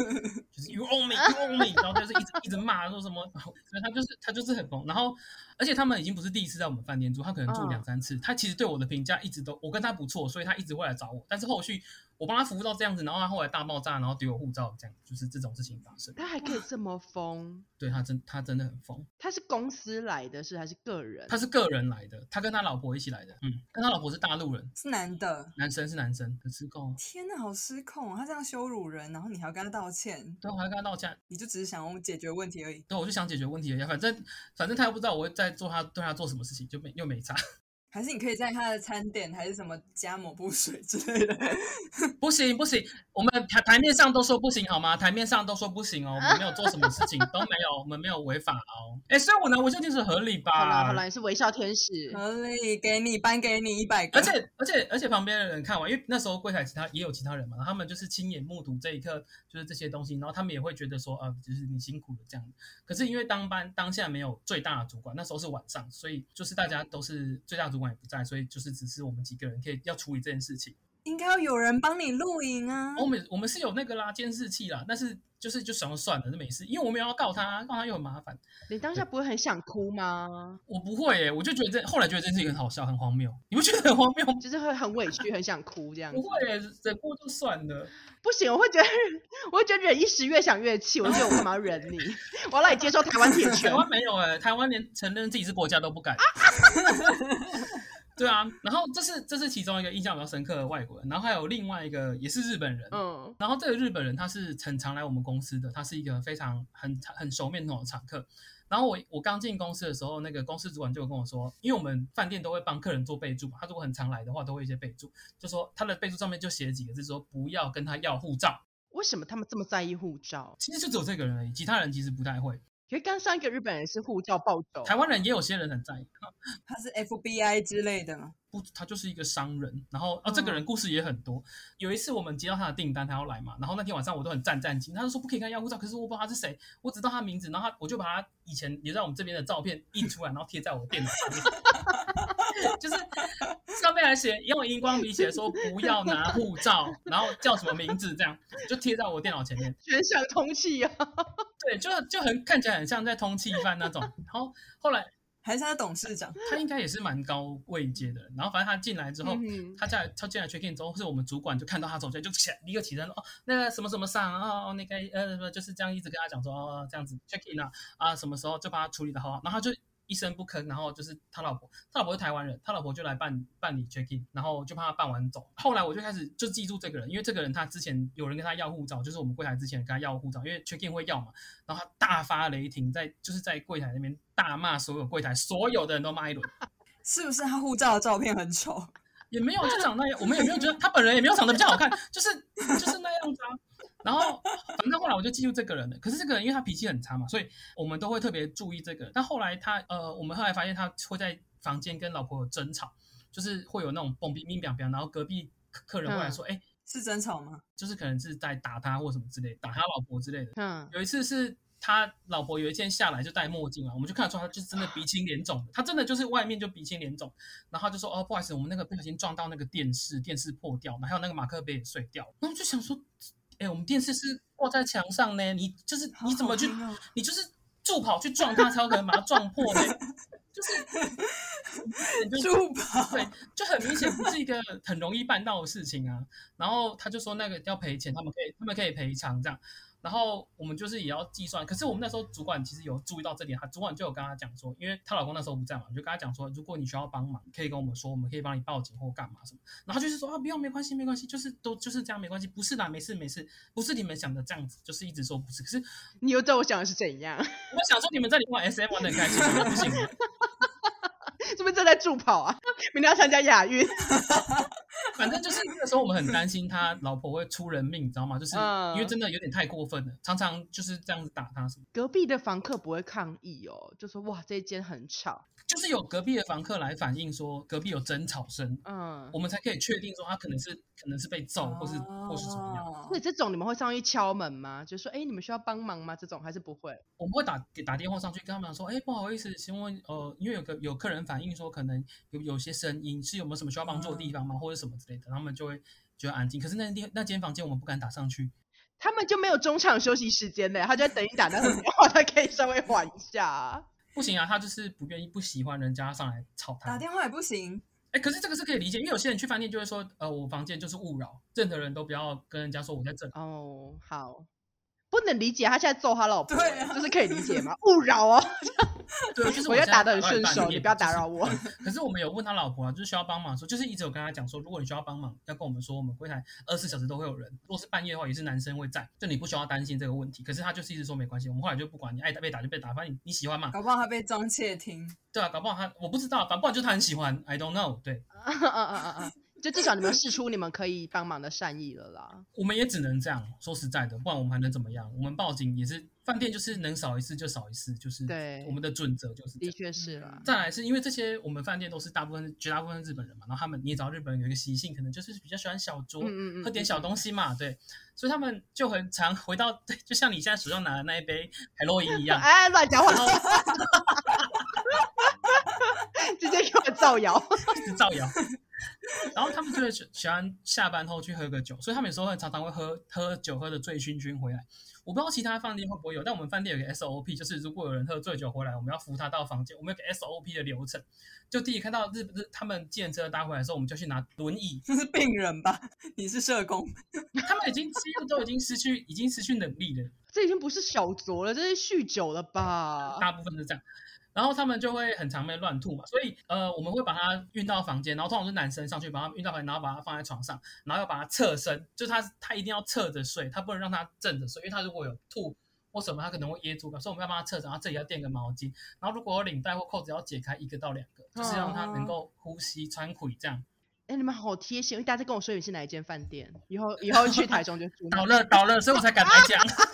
就是 you owe me，you owe me，然後就是一直 一直罵說什麼然後，所以他就是他就是很瘋，然後。而且他們已經不是第一次在我們飯店住，他可能住兩三次。他其實對我的評價一直都，我跟他不錯，所以他一直會來找我。但是後續。我幫他扶到這樣子，然後他後來大爆炸，然後丟我護照，這樣就是這種事情發生。他還可以這麼瘋？對，他真他真的很瘋。他是公司來的是，是還是個人？他是個人來的，他跟他老婆一起來的。嗯，跟他老婆是大陸人，是男的，男生是男生，失控。天哪，好失控哦！他這樣羞辱人，然後你還要跟他道歉？對，我還要跟他道歉。你就只是想用解決問題而已。對，我就想解決問題而已。反正反正他又不知道我在做他對他做什麼事情，就沒又沒差。還是你可以在他的餐點，還是什麼加抹布水之類的？不行不行，我們台台面上都說不行，好嗎？台面上都說不行哦，我們沒有做什麼事情，啊、都沒有，我們沒有違法哦。哎、欸，所以我拿微笑天使合理吧？好啦好啦，你是微笑天使，合理，給你頒給你一百個。而且而且而且，而且旁邊的人看完，因為那時候櫃檯其他也有其他人嘛，他們就是親眼目睹這一刻，就是這些東西，然後他們也會覺得說啊，就是你辛苦了這樣。可是因為當班當下沒有最大的主管，那時候是晚上，所以就是大家都是最大的主管，也不在，所以就是只是我們幾個人可以要處理這件事情。應該要有人幫你錄影啊。我們我們是有那個啦，監視器啦，但是就是就想要算了，那沒事，因為我們要告他，告他又很麻煩。你、欸、當下不會很想哭嗎？我不會耶、欸，我就覺得這後來覺得這件事情很好笑，很荒謬。你不覺得很荒謬嗎？就是會很委屈，很想哭這樣子。 不會、欸，忍過就算了。不行，我會覺得，我會覺得忍一時越想越氣，我覺得我幹嘛忍你？ 我要讓你接受台灣鐵拳。台灣沒有哎、欸，台灣連承認自己是國家都不敢。對啊，然後這是這是其中一個印象比較深刻的外國人，然後還有另外一個也是日本人，嗯，然後這個日本人他是很常來我們公司的，他是一個非常很很熟面孔的常客。然後我我剛進公司的時候，那個公司主管就跟我說，因為我們飯店都會幫客人做備註嘛，他如果很常來的話，都會一些備註，就說他的備註上面就寫幾個字，就是說不要跟他要護照。為什麼他們這麼在意護照？其實就只有這個人而已，其他人其實不太會。其實剛上一個日本人是護照，暴走，台灣人也有些人很在意，嗯、他是 FBI 之類的，不，他就是一個商人。然後、嗯、啊這個人故事也很多。有一次我們接到他的訂單，他要來嘛，然後那天晚上我都很戰戰兢兢，他就說不可以看要護照，可是我不知道他是誰，我只知道他名字，然後他，我就把他以前留在我們這邊的照片印出來， 然後貼在我的電腦上面。 就是上面還寫用熒光筆寫說不要拿護照， 然後叫什麼名字這樣，就貼在我電腦前面，全校通緝啊。 對，就就很看起來很像在通緝犯那種，然後後來還是他董事長，他，他應該也是蠻高位階的。然後反正他進來之後，嗯、他進來他進來 check in 之後，是我們主管就看到他走進來就起來立刻起身哦，那個什麼什麼上啊那個呃就是這樣一直跟他講說哦這樣子 check in 了啊，啊什麼時候就幫他處理的好，好，然後他就。一聲不吭，然後就是他老婆，他老婆是台灣人，他老婆就來辦辦理 check in，然後就怕他辦完走。後來我就開始就記住這個人，因為這個人他之前有人跟他要護照，就是我們櫃台之前跟他要護照，因為 check in 會要嘛，然後他大發雷霆，在就是在櫃台那邊大罵所有櫃台，所有的人都罵一輪。是不是他護照的照片很醜？也沒有，就長那樣。我們也沒有覺得他本人也沒有長得比較好看，就是就是那樣子啊。 然後，反正後來我就記住這個人了。可是這個人，因為他脾氣很差嘛，所以我們都會特別注意這個。但後來他，呃，我們後來發現他會在房間跟老婆有爭吵，就是會有那種砰砰砰兩聲。然後隔壁客人過來說：“哎，是爭吵嗎？”就是可能是在打他或什麼之類，打他老婆之類的。嗯。有一次是他老婆有一天下來就戴墨鏡了，我們就看出他就是真的鼻青臉腫。他真的就是外面就鼻青臉腫。然後就說：“哦，不好意思，我們那個不小心撞到那個電視，電視破掉了，還有那個馬克杯也碎掉了。”然後我就想說。哎、欸，我們電視是掛在牆上呢，你就是你怎麼去？Oh, 你就是助跑去撞他才有可能把它撞破呢， 就是 就助跑，對，就很明顯不是一個很容易辦到的事情啊。然後他就說那個要賠錢，他們可以，他們可以賠償這樣。然後我們就是也要計算，可是我們那時候主管其實有注意到這點，他主管就有跟他講說，因為她老公那時候不在嘛，我就跟他講說，如果你需要幫忙，可以跟我們說，我們可以幫你報警或幹嘛什麼。然後就是說啊，不用，沒關係，沒關係，就是都就是這樣，沒關係，不是啦，沒事沒事，不是你們想的這樣子，就是一直說不是。可是你又知道我想的是怎樣？我想說你們在裡面 SM 玩的很開心，是，什麼不 是不是正在助跑啊？明天要參加亞運？ 反正就是那個時候，我們很擔心他老婆會出人命， 你知道嗎？就是因為真的有點太過分了，常常就是這樣子打他什麼。隔壁的房客不會抗議哦，就說哇這一間很吵，就是有隔壁的房客來反映說隔壁有爭吵聲，嗯， 我們才可以確定說他可能是可能是被揍、啊，或是或是怎麼樣。那這種你們會上去敲門嗎？就是、說哎、欸、你們需要幫忙嗎？這種還是不會？我們會打打電話上去跟他們說，哎、欸、不好意思，請問呃因為有個有客人反映說可能有有些聲音，是有沒有什麼需要幫助的地方嗎？嗯、或者什麼。對他們就會覺得安靜，可是那間那間房間我們不敢打上去，他們就沒有中場休息時間了，他就在等於打那個電話， 他可以稍微緩一下。不行啊，他就是不願意，不喜歡人家上來吵他，打電話也不行。哎、欸，可是這個是可以理解，因為有些人去飯店就會說，呃，我房間就是勿擾，任何人都不要跟人家說我在這裡。哦、oh,，好，不能理解他現在揍他老婆對、啊，就是可以理解嗎？勿 擾擾哦。 對， 對，就是我也打得很順手，就是，你不要打擾我。可是我們有問他老婆啊，就是需要幫忙的時候，說就是一直有跟他講說，如果你需要幫忙，要跟我們說，我們櫃檯二十四小時都會有人。如果是半夜的話，也是男生會在，就你不需要擔心這個問題。可是他就是一直說沒關係，我們後來就不管你愛被打就被打，被打，反正你，你喜歡嘛。搞不好他被裝竊聽，對啊，搞不好他我不知道，搞不好就他很喜歡，I don't know，對。啊啊啊啊啊！ 就至少你們釋出你們可以幫忙的善意了啦。我們也只能這樣，說實在的，不然我們還能怎麼樣？我們報警也是，飯店就是能少一次就少一次，就是對我們的準則就是。的確是了，啊嗯。再來是因為這些我們飯店都是大部分絕大部分日本人嘛，然後他們你也知道日本人有一個習性，可能就是比較喜歡小酌，喝點小東西嘛，嗯嗯嗯嗯，對，所以他們就很常回到，就像你現在手上拿的那一杯海洛因一樣，哎，亂講話， 直接給我造謠，一直造謠。 然後他們就會喜歡下班後去喝個酒，所以他們有時候常常會喝喝酒喝的醉醺醺回來。我不知道其他飯店會不會有，但我們飯店有個 SOP，就是如果有人喝醉酒回來，我們要扶他到房間。我們有個 SOP 的流程，就第一看到日日他們見車搭回來的時候，我們就去拿輪椅，這是病人吧？你是社工？ 他們已經幾乎都已經失去已經失去能力了，這已經不是小酌了，這是酗酒了吧？嗯，大部分是這樣。然後他們就會很常被亂吐嘛，所以呃我們會把它運到房間，然後通常是男生上去把它運到房間，然後把它放在床上，然後要把它側身，就是他他一定要側着睡，他不能讓他正着睡，因為他如果有吐或什麼，他可能會噎住，所以我們要幫他側着，然後這裡要墊個毛巾，然後如果有領帶或扣子要解開一個到兩個，uh -huh. 就是讓他能夠呼吸、喘氣這樣。哎、欸，你們好貼心！因為大家在跟我說你是哪一間飯店，以後以後去台中就住。倒了倒了，所以我才敢來講。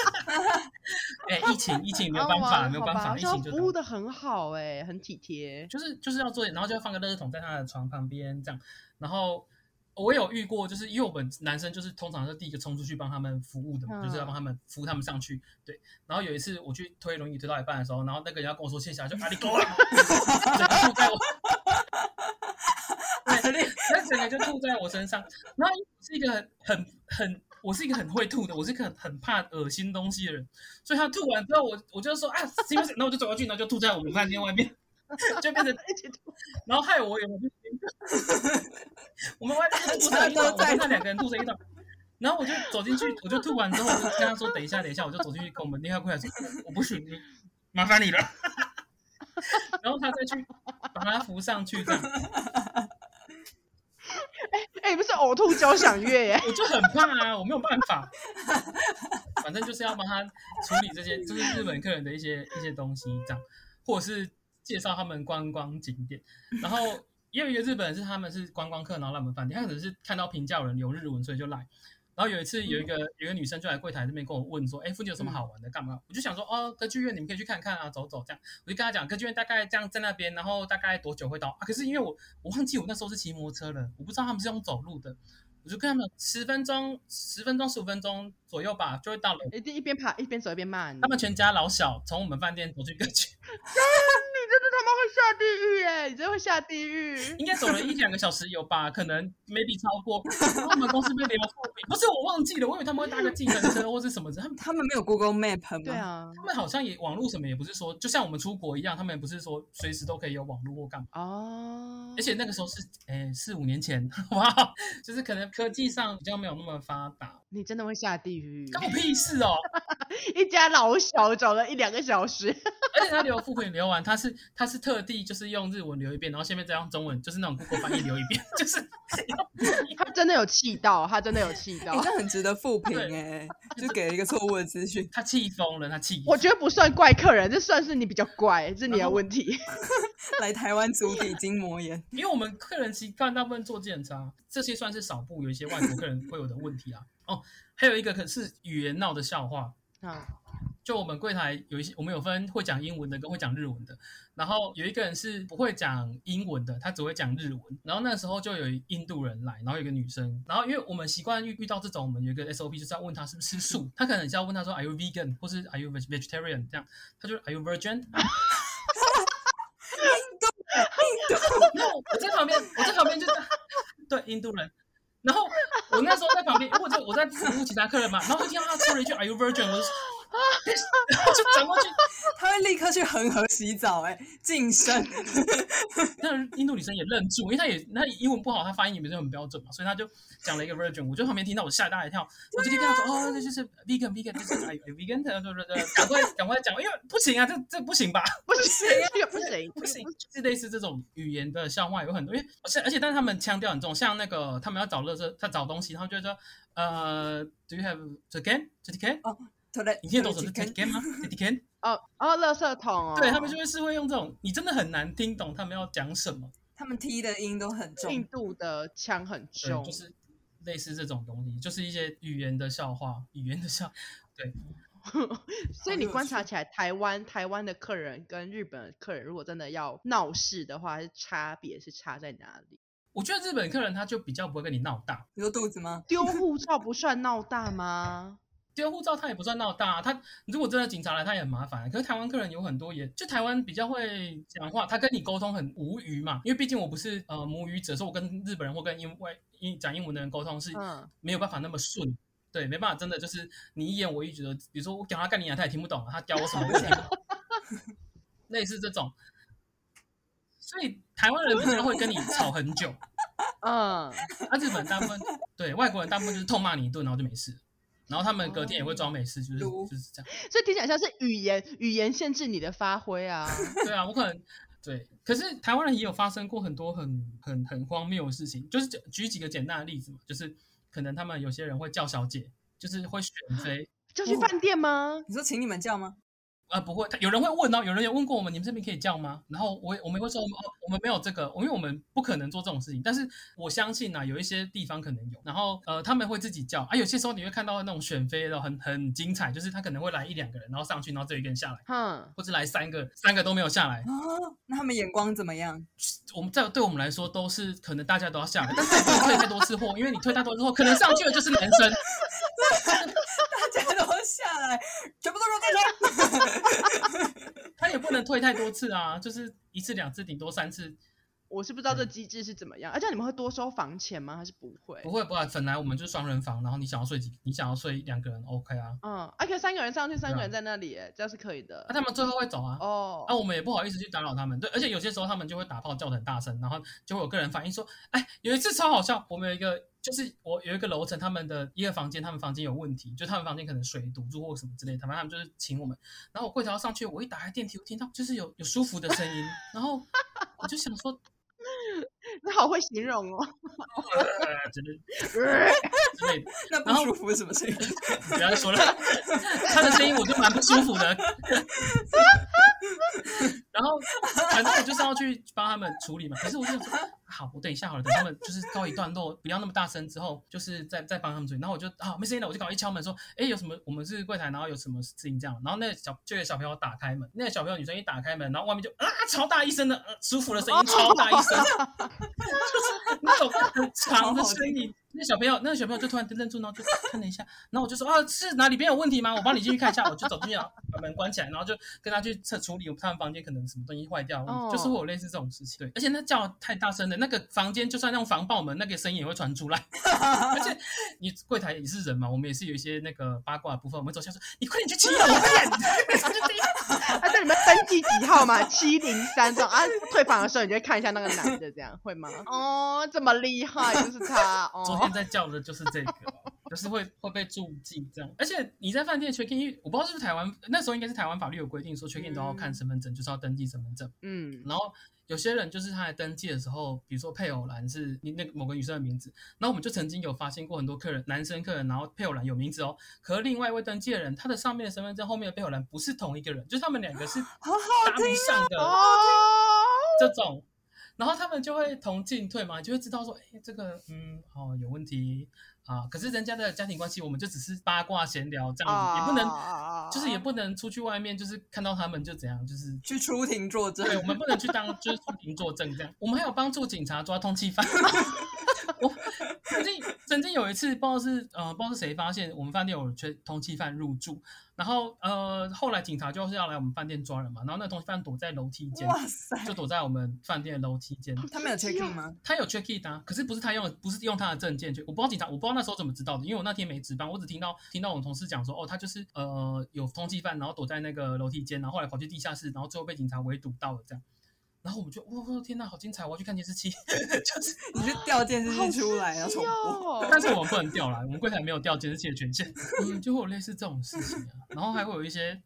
哎、 欸，疫情疫情沒有辦法，沒有辦法。疫情就服務的很好哎、欸，很體貼。就是就是要做，然後就要放個熱水桶在他的床旁邊這樣。然後我有遇過，就是因為我們男生就是通常是第一個衝出去幫他們服務的嘛，嗯、就是要幫他們扶他們上去。對。然後有一次我去推輪椅推到一半的時候，然後那個人要跟我說謝謝，就阿里狗。了。我。整個就吐在我身上，然後是一個很很，很……我是一個很會吐的，我是一個很怕噁心東西的人，所以他吐完之後，我我就說啊，行不行？」那我就走過去，然後就吐在我們飯店外面，就變成 一起吐，然後害我也，我就 我們外面就吐在一道，我跟他兩個人吐在一道， 然後我就走進去，我就吐完之後，我就跟他說等一下，等一下，我就走進去跟我們另外過來說，我不行，麻煩你了，然後他再去把他扶上去的。你不是嘔吐交響樂耶？欸， 我就很怕啊，我沒有辦法，反正就是要幫他處理這些，就是日本客人的一些一些東西，這樣，或者是介紹他們觀光景點。然後也有一個日本人是他們是觀光客，然後來我們飯店，他可能是看到評價有人有日文，所以就來。然後有一次，有一個、嗯、有一個女生就來櫃檯這邊跟我問說：“哎、嗯，附近有什麼好玩的？幹嘛、嗯？”我就想說：“哦，歌劇院你們可以去看看啊，走走這樣。”我就跟她講：“歌劇院大概這樣在那邊，然後大概多久會到啊？”可是因為我我忘記我那時候是騎摩托車了，我不知道他們是用走路的，我就跟他們十分鐘、十分鐘、十五分鐘左右吧就會到了。一定一邊跑一邊走一邊罵你。他們全家老小從我們飯店走到歌劇院。 真的他們會下地獄耶！你真的會下地獄，應該走了一兩個小時有吧？ 可能 maybe 超過。我們公司沒有副本， 不是我忘記了，我以為他們會搭個計程車或是什麼子。他們 他們沒有 Google Map 嗎？對啊，他們好像也網絡什麼也不是說，就像我們出國一樣，他們也不是說隨時都可以有網絡或幹嘛。哦、oh.。而且那個時候是誒四五年前，好？就是可能科技上比較沒有那麼發達。 你真的會下地獄？關我屁事哦、喔！ 一家老小找了一兩個小時， 而且他聊副本留完，他是。他是特地就是用日文留一遍，然後下面再用中文，就是那種 Google 翻譯留一遍， 就是 他真的有氣到，他真的有氣到，這、欸、很值得負評哎，就給了一個錯誤的資訊，他氣瘋了，他氣。我覺得不算怪客人，這算是你比較怪，是你的問題。 來台灣足底筋膜炎， 因為我們客人其實大部分做檢查，這些算是少部，有一些外國客人會有的問題啊。 哦，還有一個可能是語言鬧的笑話。啊、huh.！就我們櫃檯有一些，我們有分會講英文的跟會講日文的，然後有一個人是不會講英文的，他只會講日文。然後那時候就有印度人來，然後有個女生，然後因為我們習慣遇遇到這種，我們有一個 SOP 就在問他是不是吃素，他可能就要問他說 Are you vegan？或是 Are you vegetarian？這樣，他就 Are you virgin？印度，印度，那，我在旁邊，我在旁邊就在、是、 對印度人。然後我那時候在旁邊， 或者我在服務其他客人嘛， 然後就聽到他說了一句 “Are you virgin？” 我就是然 就轉過去，他會立刻去恆河洗澡、欸，哎，淨身。但是印度女生也愣住，因為她也他英文不好，她發音也不是很標準嘛，所以她就講了一個 virgin 我就旁邊聽到，我嚇一大跳。我直接跟她說：“哦、啊，這就是 vegan，vegan 就是 vegan, vegan, vegan. ”她轉轉轉，趕快趕快講，因為不行啊，這這不行吧 不行、啊？不行，不行，不行，是類似這種語言的笑話有很多，因為而且而且，但是他們腔調很重，像那個他們要找樂子，他找東西，他們就會說：“呃、uh,，do you have chicken chicken?” 哦。你現在懂什麼是 “can can” 嗎？哦哦，垃圾桶哦。對，他們就會是會用這種，你真的很難聽懂他們要講什麼。他們踢的音都很重，印度的腔很重，就是類似這種東西，就是一些語言的笑話，語言的笑話。對， 所以你觀察起來，台灣台灣的客人跟日本的客人，如果真的要鬧事的話，是差別是差在哪裡？我覺得日本客人他就比較不會跟你鬧大，丟肚子嗎？丟護照不算鬧大嗎？ 丟護照他也不算鬧大，他如果真的警察來，他也很麻煩。可是台灣客人有很多也，也就台灣比較會講話，他跟你溝通很無語嘛。因為畢竟我不是呃母語者，所以我跟日本人或跟英文英講英文的人溝通是沒有辦法那麼順、嗯，對，沒辦法，真的就是你一言我一語的，比如說我講他幹你亞、啊，他也聽不懂，他叼我什麼？ 類似這種，所以台灣人真的人會跟你吵很久，嗯，啊、日本大部分對外國人大部分就是痛罵你一頓，然後就沒事。然後他們隔天也會裝沒事，就是就是這樣。所以聽起來像是語言語言限制你的發揮啊。 對啊，我可能對。可是台灣人也有發生過很多很很很荒謬的事情，就是舉幾個簡單的例子嘛，就是可能他們有些人會叫小姐，就是會選妃、啊，就去飯店嗎、哦？你說請你們叫嗎？呃，不會，有人會問哦，有人也問過我們，你們這邊可以叫嗎？然後我我們會說，我們我們沒有這個，因為我們不可能做這種事情。但是我相信呢、啊，有一些地方可能有。然後呃，他們會自己叫啊。有些時候你會看到那種選妃的很很精彩，就是他可能會來一兩個人，然後上去，然後這一個人下來，嗯，或者來三個，三個都沒有下來。哦，那他們眼光怎麼樣？我們在對我們來說都是可能大家都要下來，但 是推太多次貨，因為你推太多次貨，可能上去了就是男生。 下來，全部都扔在床。 他也不能退太多次啊，就是一次兩次，頂多三次。我是不知道這機制是怎麼樣、嗯，而且你們會多收房錢嗎？還是不會？不會不會，本來我們就雙人房，然後你想要睡幾，你想要睡兩個人，OK 啊。嗯，而且、啊、三個人上去、啊，三個人在那裡，這、就、樣是可以的。那、啊、他們最後會走啊？哦，啊，我們也不好意思去打擾他們。對，而且有些時候他們就會打炮叫很大聲，然後就會有個人反應說，哎，有一次超好笑，我們有一個。就是我有一個樓層，他們的一個房間，他們房間有問題，就他們房間可能水堵住或什麼之類的，他們他們就是請我們，然後我櫃檯上去，我一打開電梯，我聽到就是有有舒服的聲音， 然後我就想說，你好會形容哦，真、 呃、的， 那不舒服什麼聲音？不要再說了，他的聲音我就蠻不舒服的， 然後反正我就是要去幫他們處理嘛，可是我就想說。好，我等一下好了，等他們就是告一段落，不要那麼大聲之後，就是在再幫他們追。然後我就好、哦、沒聲音了，我就搞一敲門說，哎、欸，有什麼？我們是櫃台，然後有什麼事情這樣。然後那個小就有小朋友打開門，那個小朋友女生一打開門，然後外面就啊超大一聲的、啊，舒服的聲音超大一聲， 就是那種很長的聲音的。那小朋友，那小朋友就突然就愣住，然後就看了一下。然後我就說啊，是哪裡邊有問題嗎？我幫你進去看一下。我就走進去，把門關起來，然後就跟他去處理他們房間可能什麼東西壞掉，就是會有類似這種事情。對，而且那叫太大聲的。那個房間就算那種防爆門，那個聲音也會傳出來。而且你櫃台也是人嘛，我們也是有一些那個八卦的部分。我們走下去說，你快點去七零三，就是他在裡面登記幾號嘛，七零三。這啊，退房的時候你就會看一下那個男的，這樣會嗎？ 哦，這麼厲害，就是他、哦。昨天在叫的就是這個。 而是會會被注記這樣，而且你在飯店 check in，我不知道是不是台灣那時候應該是台灣法律有規定說 check in 都要看身份證、嗯，就是要登記身份證。嗯，然後有些人就是他在登記的時候，比如說配偶欄是你那個某個女生的名字，然後我們就曾經有發現過很多客人，男生客人，然後配偶欄有名字哦，可是另外一位登記的人，他的上面的身份證後面的配偶欄不是同一個人，就是他們兩個是搭不上的、啊、這種。然後他們就會同進退嘛，就會知道說，哎、欸，這個，嗯，哦，有問題啊。可是人家的家庭關係，我們就只是八卦閒聊這樣、啊，也不能，就是也不能出去外面，就是看到他們就怎樣，就是去出庭作證。對，我們不能去當，就是出庭作證這樣。 我們還有幫助警察抓通緝犯。 曾經，曾經有一次，不知道是呃，不知道是誰發現我們飯店有缺通緝犯入住，然後呃，後來警察就是要來我們飯店抓人嘛，然後那通緝犯躲在樓梯間，哇塞，就躲在我們飯店的樓梯間。他沒有 check 嗎？他有 check in 啊，可是不是他用，不是用他的證件去。我不知道警察，我不知道那時候怎麼知道的，因為我那天沒值班，我只聽到聽到我同事講說，哦，他就是呃有通緝犯，然後躲在那個樓梯間，然後後來跑去地下室，然後最後被警察圍堵到了這樣。然後我們就，哇、哦，天哪，好精彩！我要去看監視器，就是你去調監視器出來啊要重播，但是我們不能調來， 我們櫃台沒有調監視器的權限， 就會有類似這種事情啊。然後還會有一些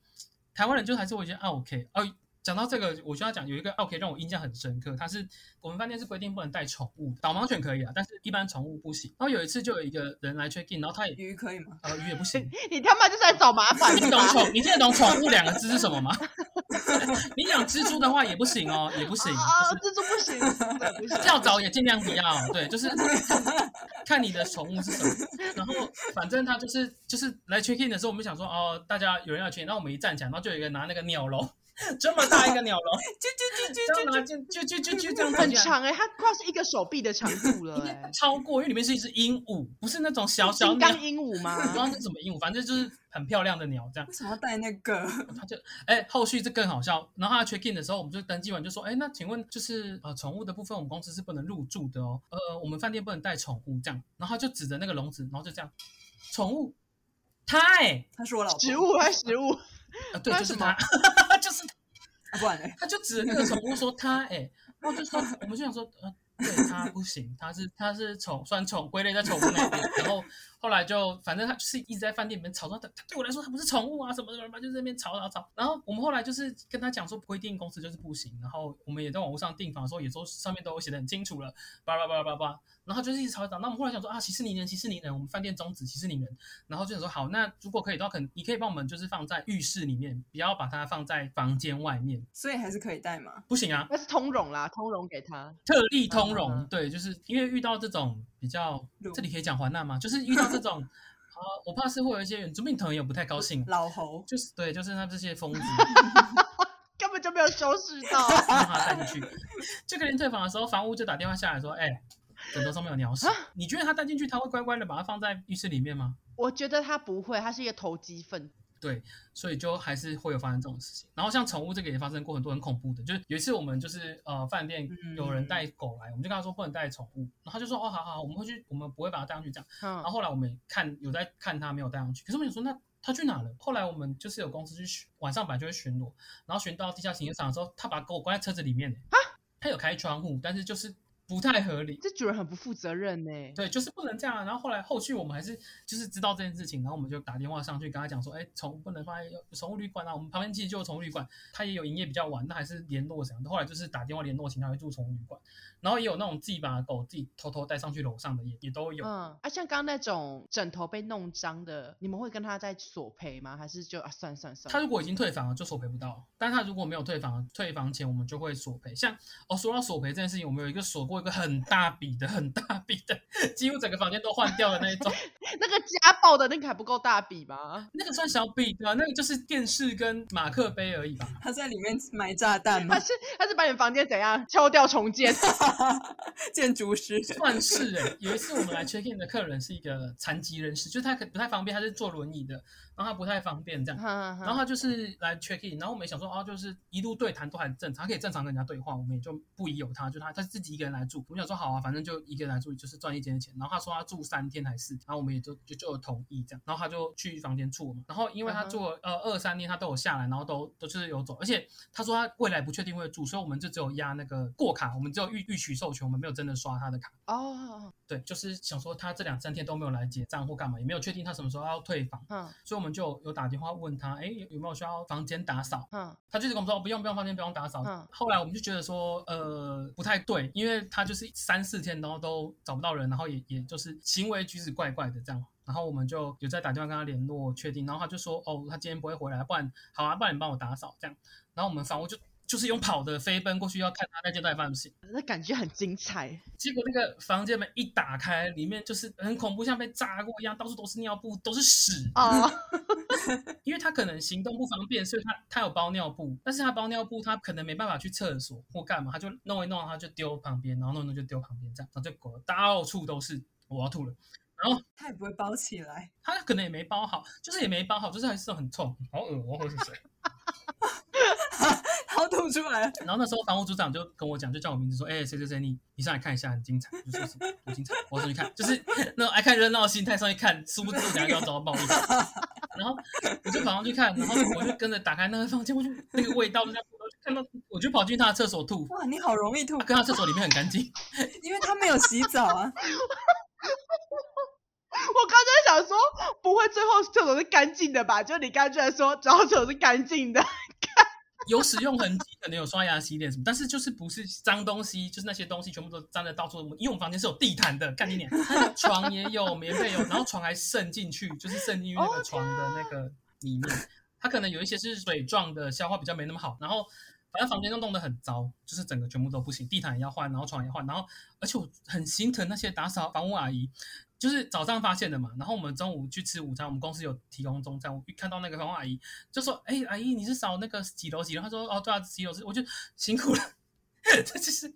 台灣人，就還是會些啊，OK，哎、啊。講到這個，我需要講有一個 o、OK, k 讓我印象很深刻。它是我們飯店是規定不能帶寵物的，導盲犬可以啊，但是一般寵物不行。然後有一次就有一個人來 check in，然後他也魚可以嗎？呃、啊，魚也不行。你，你他媽就是在找麻煩！你懂寵？ 你聽得懂“寵物”兩個字是什麼嗎？ 你養蜘蛛的話也不行哦，也不行。啊，就是、蜘蛛不行。要找也盡量不要。對，就是看，看你的寵物是什麼。 然後反正他就是就是來 check in 的時候，我們想說哦，大家有人要 check in，然後我們一站起來，然後就有一個拿那個鳥籠。這麼大一個鳥籠，就就就就就就就就就這樣，很長哎，它快是一個手臂的長度了，超過，因為裡面是一隻鸚鵡，不是那種小小鳥鸚鵡嗎？不知道是什麼鸚鵡，反正就是很漂亮的鳥，這樣。為 什麼要帶那個？他就哎，後續這更好笑。然後他 check in 的時候，我們就登記完就說，哎，那請問就是呃，寵物的部分，我們公司是不能入住的哦，呃，我們飯店不能帶寵物這樣。然後他就指着那個籠子，然後就這樣，寵物，他哎、欸，他是我老婆，植 物還是食物？啊，對，就是他， 就是他，他、啊，他就指那個寵物說他、欸，哎， 然後就說，我們就想說，呃、啊，對他不行，他是他是寵，算寵，歸類在寵物那邊， 然後。後來就反正他就是一直在飯店裡面吵說他，他對我來說他不是寵物啊什麼什麼嘛，就是、在那邊吵吵吵。然後我們後來就是跟他講說不會定公司就是不行。然後我們也在網絡上訂房的時候也都上面都寫得很清楚了。叭叭叭叭叭。然後就是一直吵一吵。那我們後來想說啊，歧視你人，歧視你人，我們飯店宗旨歧視你人。然後就想說好，那如果可以的話，可你可以幫我們就是放在浴室裡面，不要把它放在房間外面。所以還是可以帶嘛？不行啊，那是通融啦，通融給他。特例通融，啊啊、對，就是因為遇到這種比較，這裡可以講環納嗎？就是遇到。 這種，啊、我怕是會有一些原住民朋友不太高興。老侯就是對，就是他這些瘋子， 根本就沒有收拾到。 讓他帶進去，這個人退房的時候，房屋就打電話下來說：“哎、欸，枕頭上面有鳥屎。啊！”你覺得他帶進去，他會乖乖的把它放在浴室裡面嗎？我覺得他不會，他是一個投機分子。對，所以就還是會有發生這種事情。然後像寵物這個也發生過很多很恐怖的，就是有一次我們就是呃飯店有人帶狗來，嗯、我們就跟他說不能帶寵物，然後他就說哦好好，我們會去，我們不會把它帶上去這樣。然後後來我們看有在看他沒有帶上去，可是我們說那他去哪了？後來我們就是有公司去巡，晚上本來就會巡邏，然後巡邏到地下停車場的時候，他把狗關在車子裡面、欸，啊，他有開窗戶，但是就是。不太合理，這主人很不負責任呢、欸。對，就是不能這樣、啊。然後後來後續我們還是就是知道這件事情，然後我們就打電話上去跟他講說，哎，寵物不能放在寵物旅館啊，我們旁邊其實就有寵物旅館，他也有營業比較晚，那還是聯絡什麼的。後來就是打電話聯絡，請他去住寵物旅館。然後也有那種自己把狗自己偷偷帶上去樓上的也，也也都有。嗯、啊，像剛剛那種枕頭被弄髒的，你們會跟他在索賠嗎？還是就啊，算算算。他如果已經退房了，就索賠不到。但他如果沒有退房，退房前我們就會索賠。像，哦，說到索賠這件事情，我們有一個索過。一個很大筆的，很大筆的，幾乎整個房間都換掉的那一種。 那個家暴的那個還不夠大筆吧？那個算小筆對吧？那個就是電視跟馬克杯而已吧。他在裡面埋炸彈嗎？他是他是把你房間怎樣敲掉重建的？ 建築師算是哎、欸。有一次我們來 check in 的客人是一個殘疾人士，就他可不太方便，他是坐輪椅的。然後他不太方便這樣，然後他就是來 check in，然後我們也想說，哦、啊，就是一路對談都還正常，他可以正常跟人家對話，我們也就不疑有他，就他他自己一個人來住。我們想說好啊，反正就一個人來住，就是賺一間的錢。然後他說他住三天還是，然後我們也就就就有同意這樣，然後他就去房間住了嘛。然後因為他住了、嗯、呃二三天他都有下來，然後都都是有走，而且他說他未來不確定會住，所以我們就只有押那個過卡，我們只有預預取授權，我們沒有真的刷他的卡。哦，對，就是想說他這兩三天都沒有來結賬或幹嘛，也沒有確定他什麼時候要退房，嗯，所以我們。我們就有打電話問他，哎、欸，有有沒有需要房間打掃、嗯？他就是跟我們說不用不用，房間不用打掃、嗯。後來我們就覺得說，呃，不太對，因為他就是三四天，然後都找不到人，然後也也就是行為舉止怪怪的這樣。然後我們就有在打電話跟他聯絡確定，然後他就說，哦，他今天不會回來，不然好啊，不然你幫我打掃這樣。然後我們房務就就是用跑的飛奔過去，要看他那件待辦的事，那感覺很精彩。結果那個房間門一打開，裡面就是很恐怖，像被炸過一樣，到處都是尿布，都是屎啊！因為他可能行動不方便，所以他他有包尿布，但是他包尿布，他可能沒辦法去廁所或幹嘛，他就弄一弄，他就丟旁邊，然後弄一弄就丟旁邊，這樣他就搞到處都是，我要吐了。然後他也不會包起來，他可能也沒包好，就是也沒包好，就是還是很臭，好噁心、喔。好 是誰 吐出來然後那時候房務組長就跟我講，就叫我名字說：“哎、欸，誰誰誰，你你上來看一下，很精彩， 就是很精彩。”我上去看，就是那種愛看熱鬧的心態上去看，殊不知人家要遭到暴力。 然後我就跑上去看，然後我就跟着打開那個房間，我就那個味道就,這樣我就看到我就跑進去他的廁所吐。哇，你好容易吐，啊、跟他廁所裡面很乾淨，因為他沒有洗澡啊。 我剛剛想說，不會最後廁所是乾淨的吧？就你剛才說，最後廁所是乾淨的乾，有使用痕跡，可能有刷牙、洗臉什麼，但是就是不是髒東西，就是那些東西全部都粘在到處。因為我們房間是有地毯的，乾淨點。床也有棉被有，然後床還滲進去，就是滲進於那個床的那個裡面，Okay. 它可能有一些是水狀的，消化比較沒那麼好，然後。反正房間都弄得很糟，嗯，就是整個全部都不行，地毯也要換，然後床也換，然後而且我很心疼那些打掃房務阿姨，就是早上發現的嘛，然後我們中午去吃午餐，我們公司有提供中餐，我一看到那個房務阿姨就說，哎、欸、阿姨你是掃那個幾樓幾樓？她說哦對啊幾樓是，我就辛苦了，這就是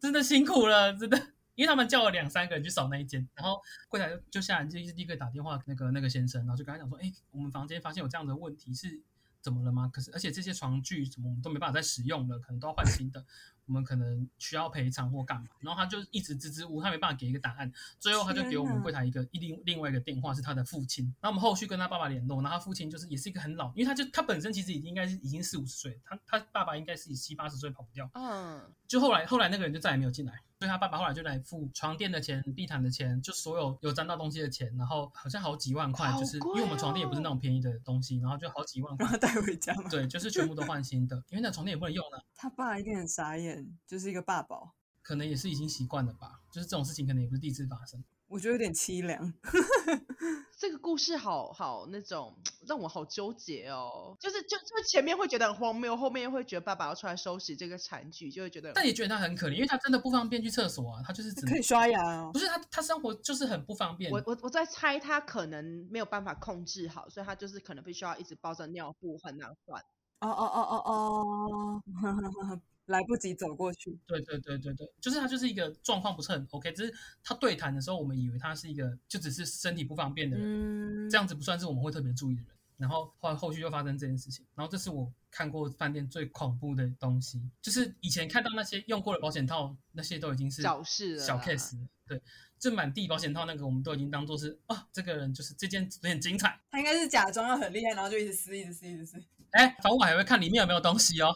真的辛苦了，真的，因為他們叫了兩三個人去掃那一間，然後櫃台就下來就立刻打電話那個那個先生，然後就跟他講說，哎、欸、我們房間發現有這樣的問題是。怎麼了嗎？可是，而且這些床具什麼我們都沒辦法再使用了，可能都要換新的， 我們可能需要賠償或幹嘛。然後他就一直支支吾，他沒辦法給一個答案。最後他就給我們櫃台一個一另另外一個電話是他的父親。那我們後續跟他爸爸聯絡，然後他父親就是也是一個很老，因為他就他本身其實已經應該是已經四五十歲，他他爸爸應該是以七八十歲跑不掉。嗯，就後來後來那個人就再也沒有進來。所以他爸爸後來就來付床墊的錢、地毯的錢，就所有有沾到東西的錢，然後好像好幾萬塊。就是、哦、因為我們床墊也不是那種便宜的東西，然後就好幾萬塊帶回家嘛。對，就是全部都換新的， 因為那床墊也不能用了、啊。他爸一定很傻眼，就是一個爸寶，可能也是已經習慣了吧，就是這種事情可能也不是第一次發生。我覺得有點淒涼， 這個故事好好那種讓我好糾結哦，就是就就是、前面會覺得很荒謬，後面又會覺得爸爸要出來收拾這個殘局就會覺得，但也覺得他很可憐，因為他真的不方便去廁所啊，他就是只能他可以刷牙、哦，不是他他生活就是很不方便。我我我在猜他可能沒有辦法控制好，所以他就是可能必須要一直包着尿布，很難換。哦哦哦哦哦。來不及走過去，對對對對對，就是他就是一個狀況不是很 OK，只是他對談的時候，我們以為他是一個就只是身體不方便的人，嗯，這樣子不算是我們會特別注意的人。然後後來後續又發生這件事情，然後這是我看過飯店最恐怖的東西，就是以前看到那些用過的保險套，那些都已經是小事了，小 case，啊，對，這滿地保險套那個，我們都已經當做是啊這個人就是這件很精彩，他應該是假裝要很厲害，然後就一直撕一直撕一直撕。哎，反過來還會看裡面有沒有東西哦。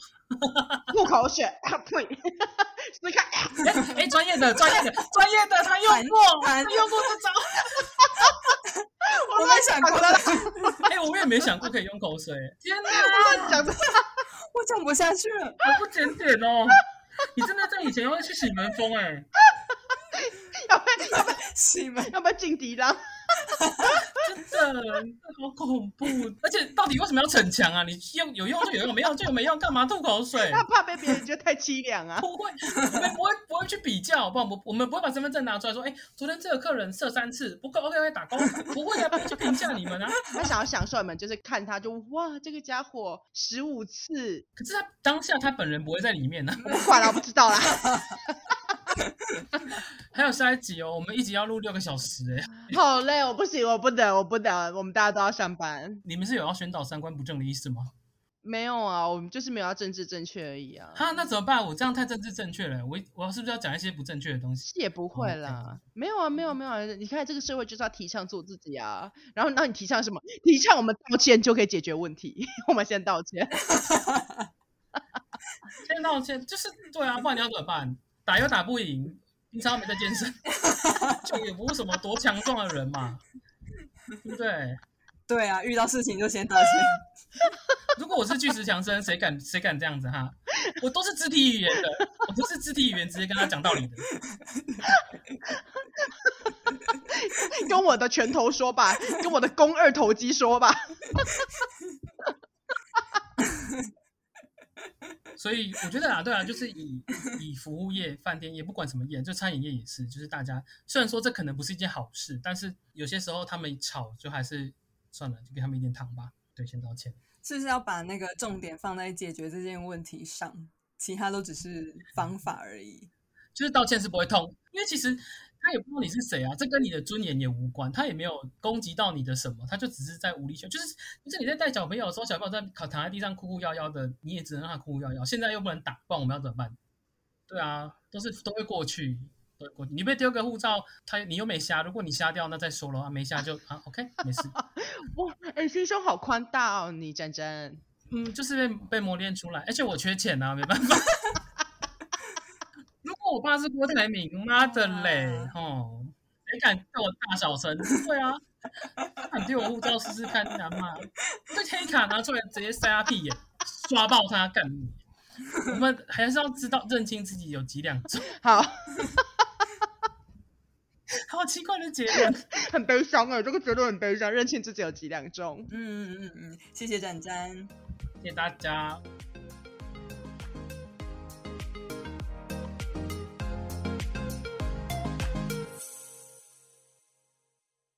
吐 口水，啊呸！你看，哎專業的、專業的、專業的，他用過，他用過這招。我都沒想過他。哎、 欸，我也沒想過可以用口水。天哪、啊！我講不下去了。我不檢點哦！你真的在以前會去洗門風哎？要不要？要不要洗門？要不要進敵狼？ 真的，好恐怖！而且到底為什麼要逞強啊？你用有，有用就有用，沒用就有沒用，幹嘛吐口水？他怕被別人覺得太淒涼啊！不會， 我們不會，不會，不會去比較，不好，我們不會把身份證拿出來說。哎、欸，昨天這個客人射三次，不夠，OK，OK 打工。不會的，不會去評價你們啊。他想要享受你們，就是看他就哇，這個傢伙十五次， 可是他當下他本人不會在裡面呢、啊。不管了，我不知道啦。 還有下一集哦，我們一集要錄六個小時哎、欸，好累，我不行，我不等，我不等，我們大家都要上班。你們是有要宣導三觀不正的意思嗎？沒有啊，我們就是沒有要政治正確而已啊。哈，那怎麼辦？我這樣太政治正確了，我我是不是要講一些不正確的東西？也不會啦、Okay. 沒有啊，沒有啊，沒有沒、啊、有。你看這個社會就是要提倡做自己啊，然後那你提倡什麼？提倡我們道歉就可以解決問題， 我們先道歉， 先道歉就是對啊，不然你要怎麼辦？打又打不贏，平常沒在健身， 就也不是什麼多強壯的人嘛，對不對？對啊，遇到事情就先道歉。 如果我是巨石強森，誰敢誰敢這樣子哈？我都是肢體語言的，我都是肢體語言直接跟他講道理的，用 我的拳頭說吧，跟我的肱二頭肌說吧。 所以我覺得啊，對啊，就是以 以服務業、飯店業，不管什麼業，就餐飲業也是，就是大家雖然說這可能不是一件好事，但是有些時候他們吵，就還是算了，就給他們一點糖吧。對，先道歉，就是，是要把那個重點放在解決這件問題上，其他都只是方法而已。就是道歉是不會痛，因為其實。他也不知道你是誰啊，這跟你的尊嚴也無關，他也沒有攻擊到你的什麼，他就只是在無理。就是就是你在帶小朋友的時候，小朋友在躺躺在地上哭哭夭夭的，你也只能讓他哭哭夭夭，現在又不能打，不然我們要怎麼辦？對啊，都是都會過去，都會過去。你被丟個護照，他你又沒瞎，如果你瞎掉那再說了，啊，沒瞎就啊，OK，沒事。哇，哎，心胸好寬大哦，你展展。嗯，就是被被磨練出來，而且我缺錢呐、啊，沒辦法。 我爸是郭台銘，媽的嘞！哦，誰敢叫我大小聲？對啊，敢丟我護照試試看？他媽！這黑卡拿出來直接塞他屁眼，刷爆他幹你！我們還是要知道認清自己有幾兩重。好，好奇怪的結論，很悲傷啊。這個結論很悲傷。認清自己有幾兩重？嗯嗯嗯嗯，謝謝展展，謝謝大家。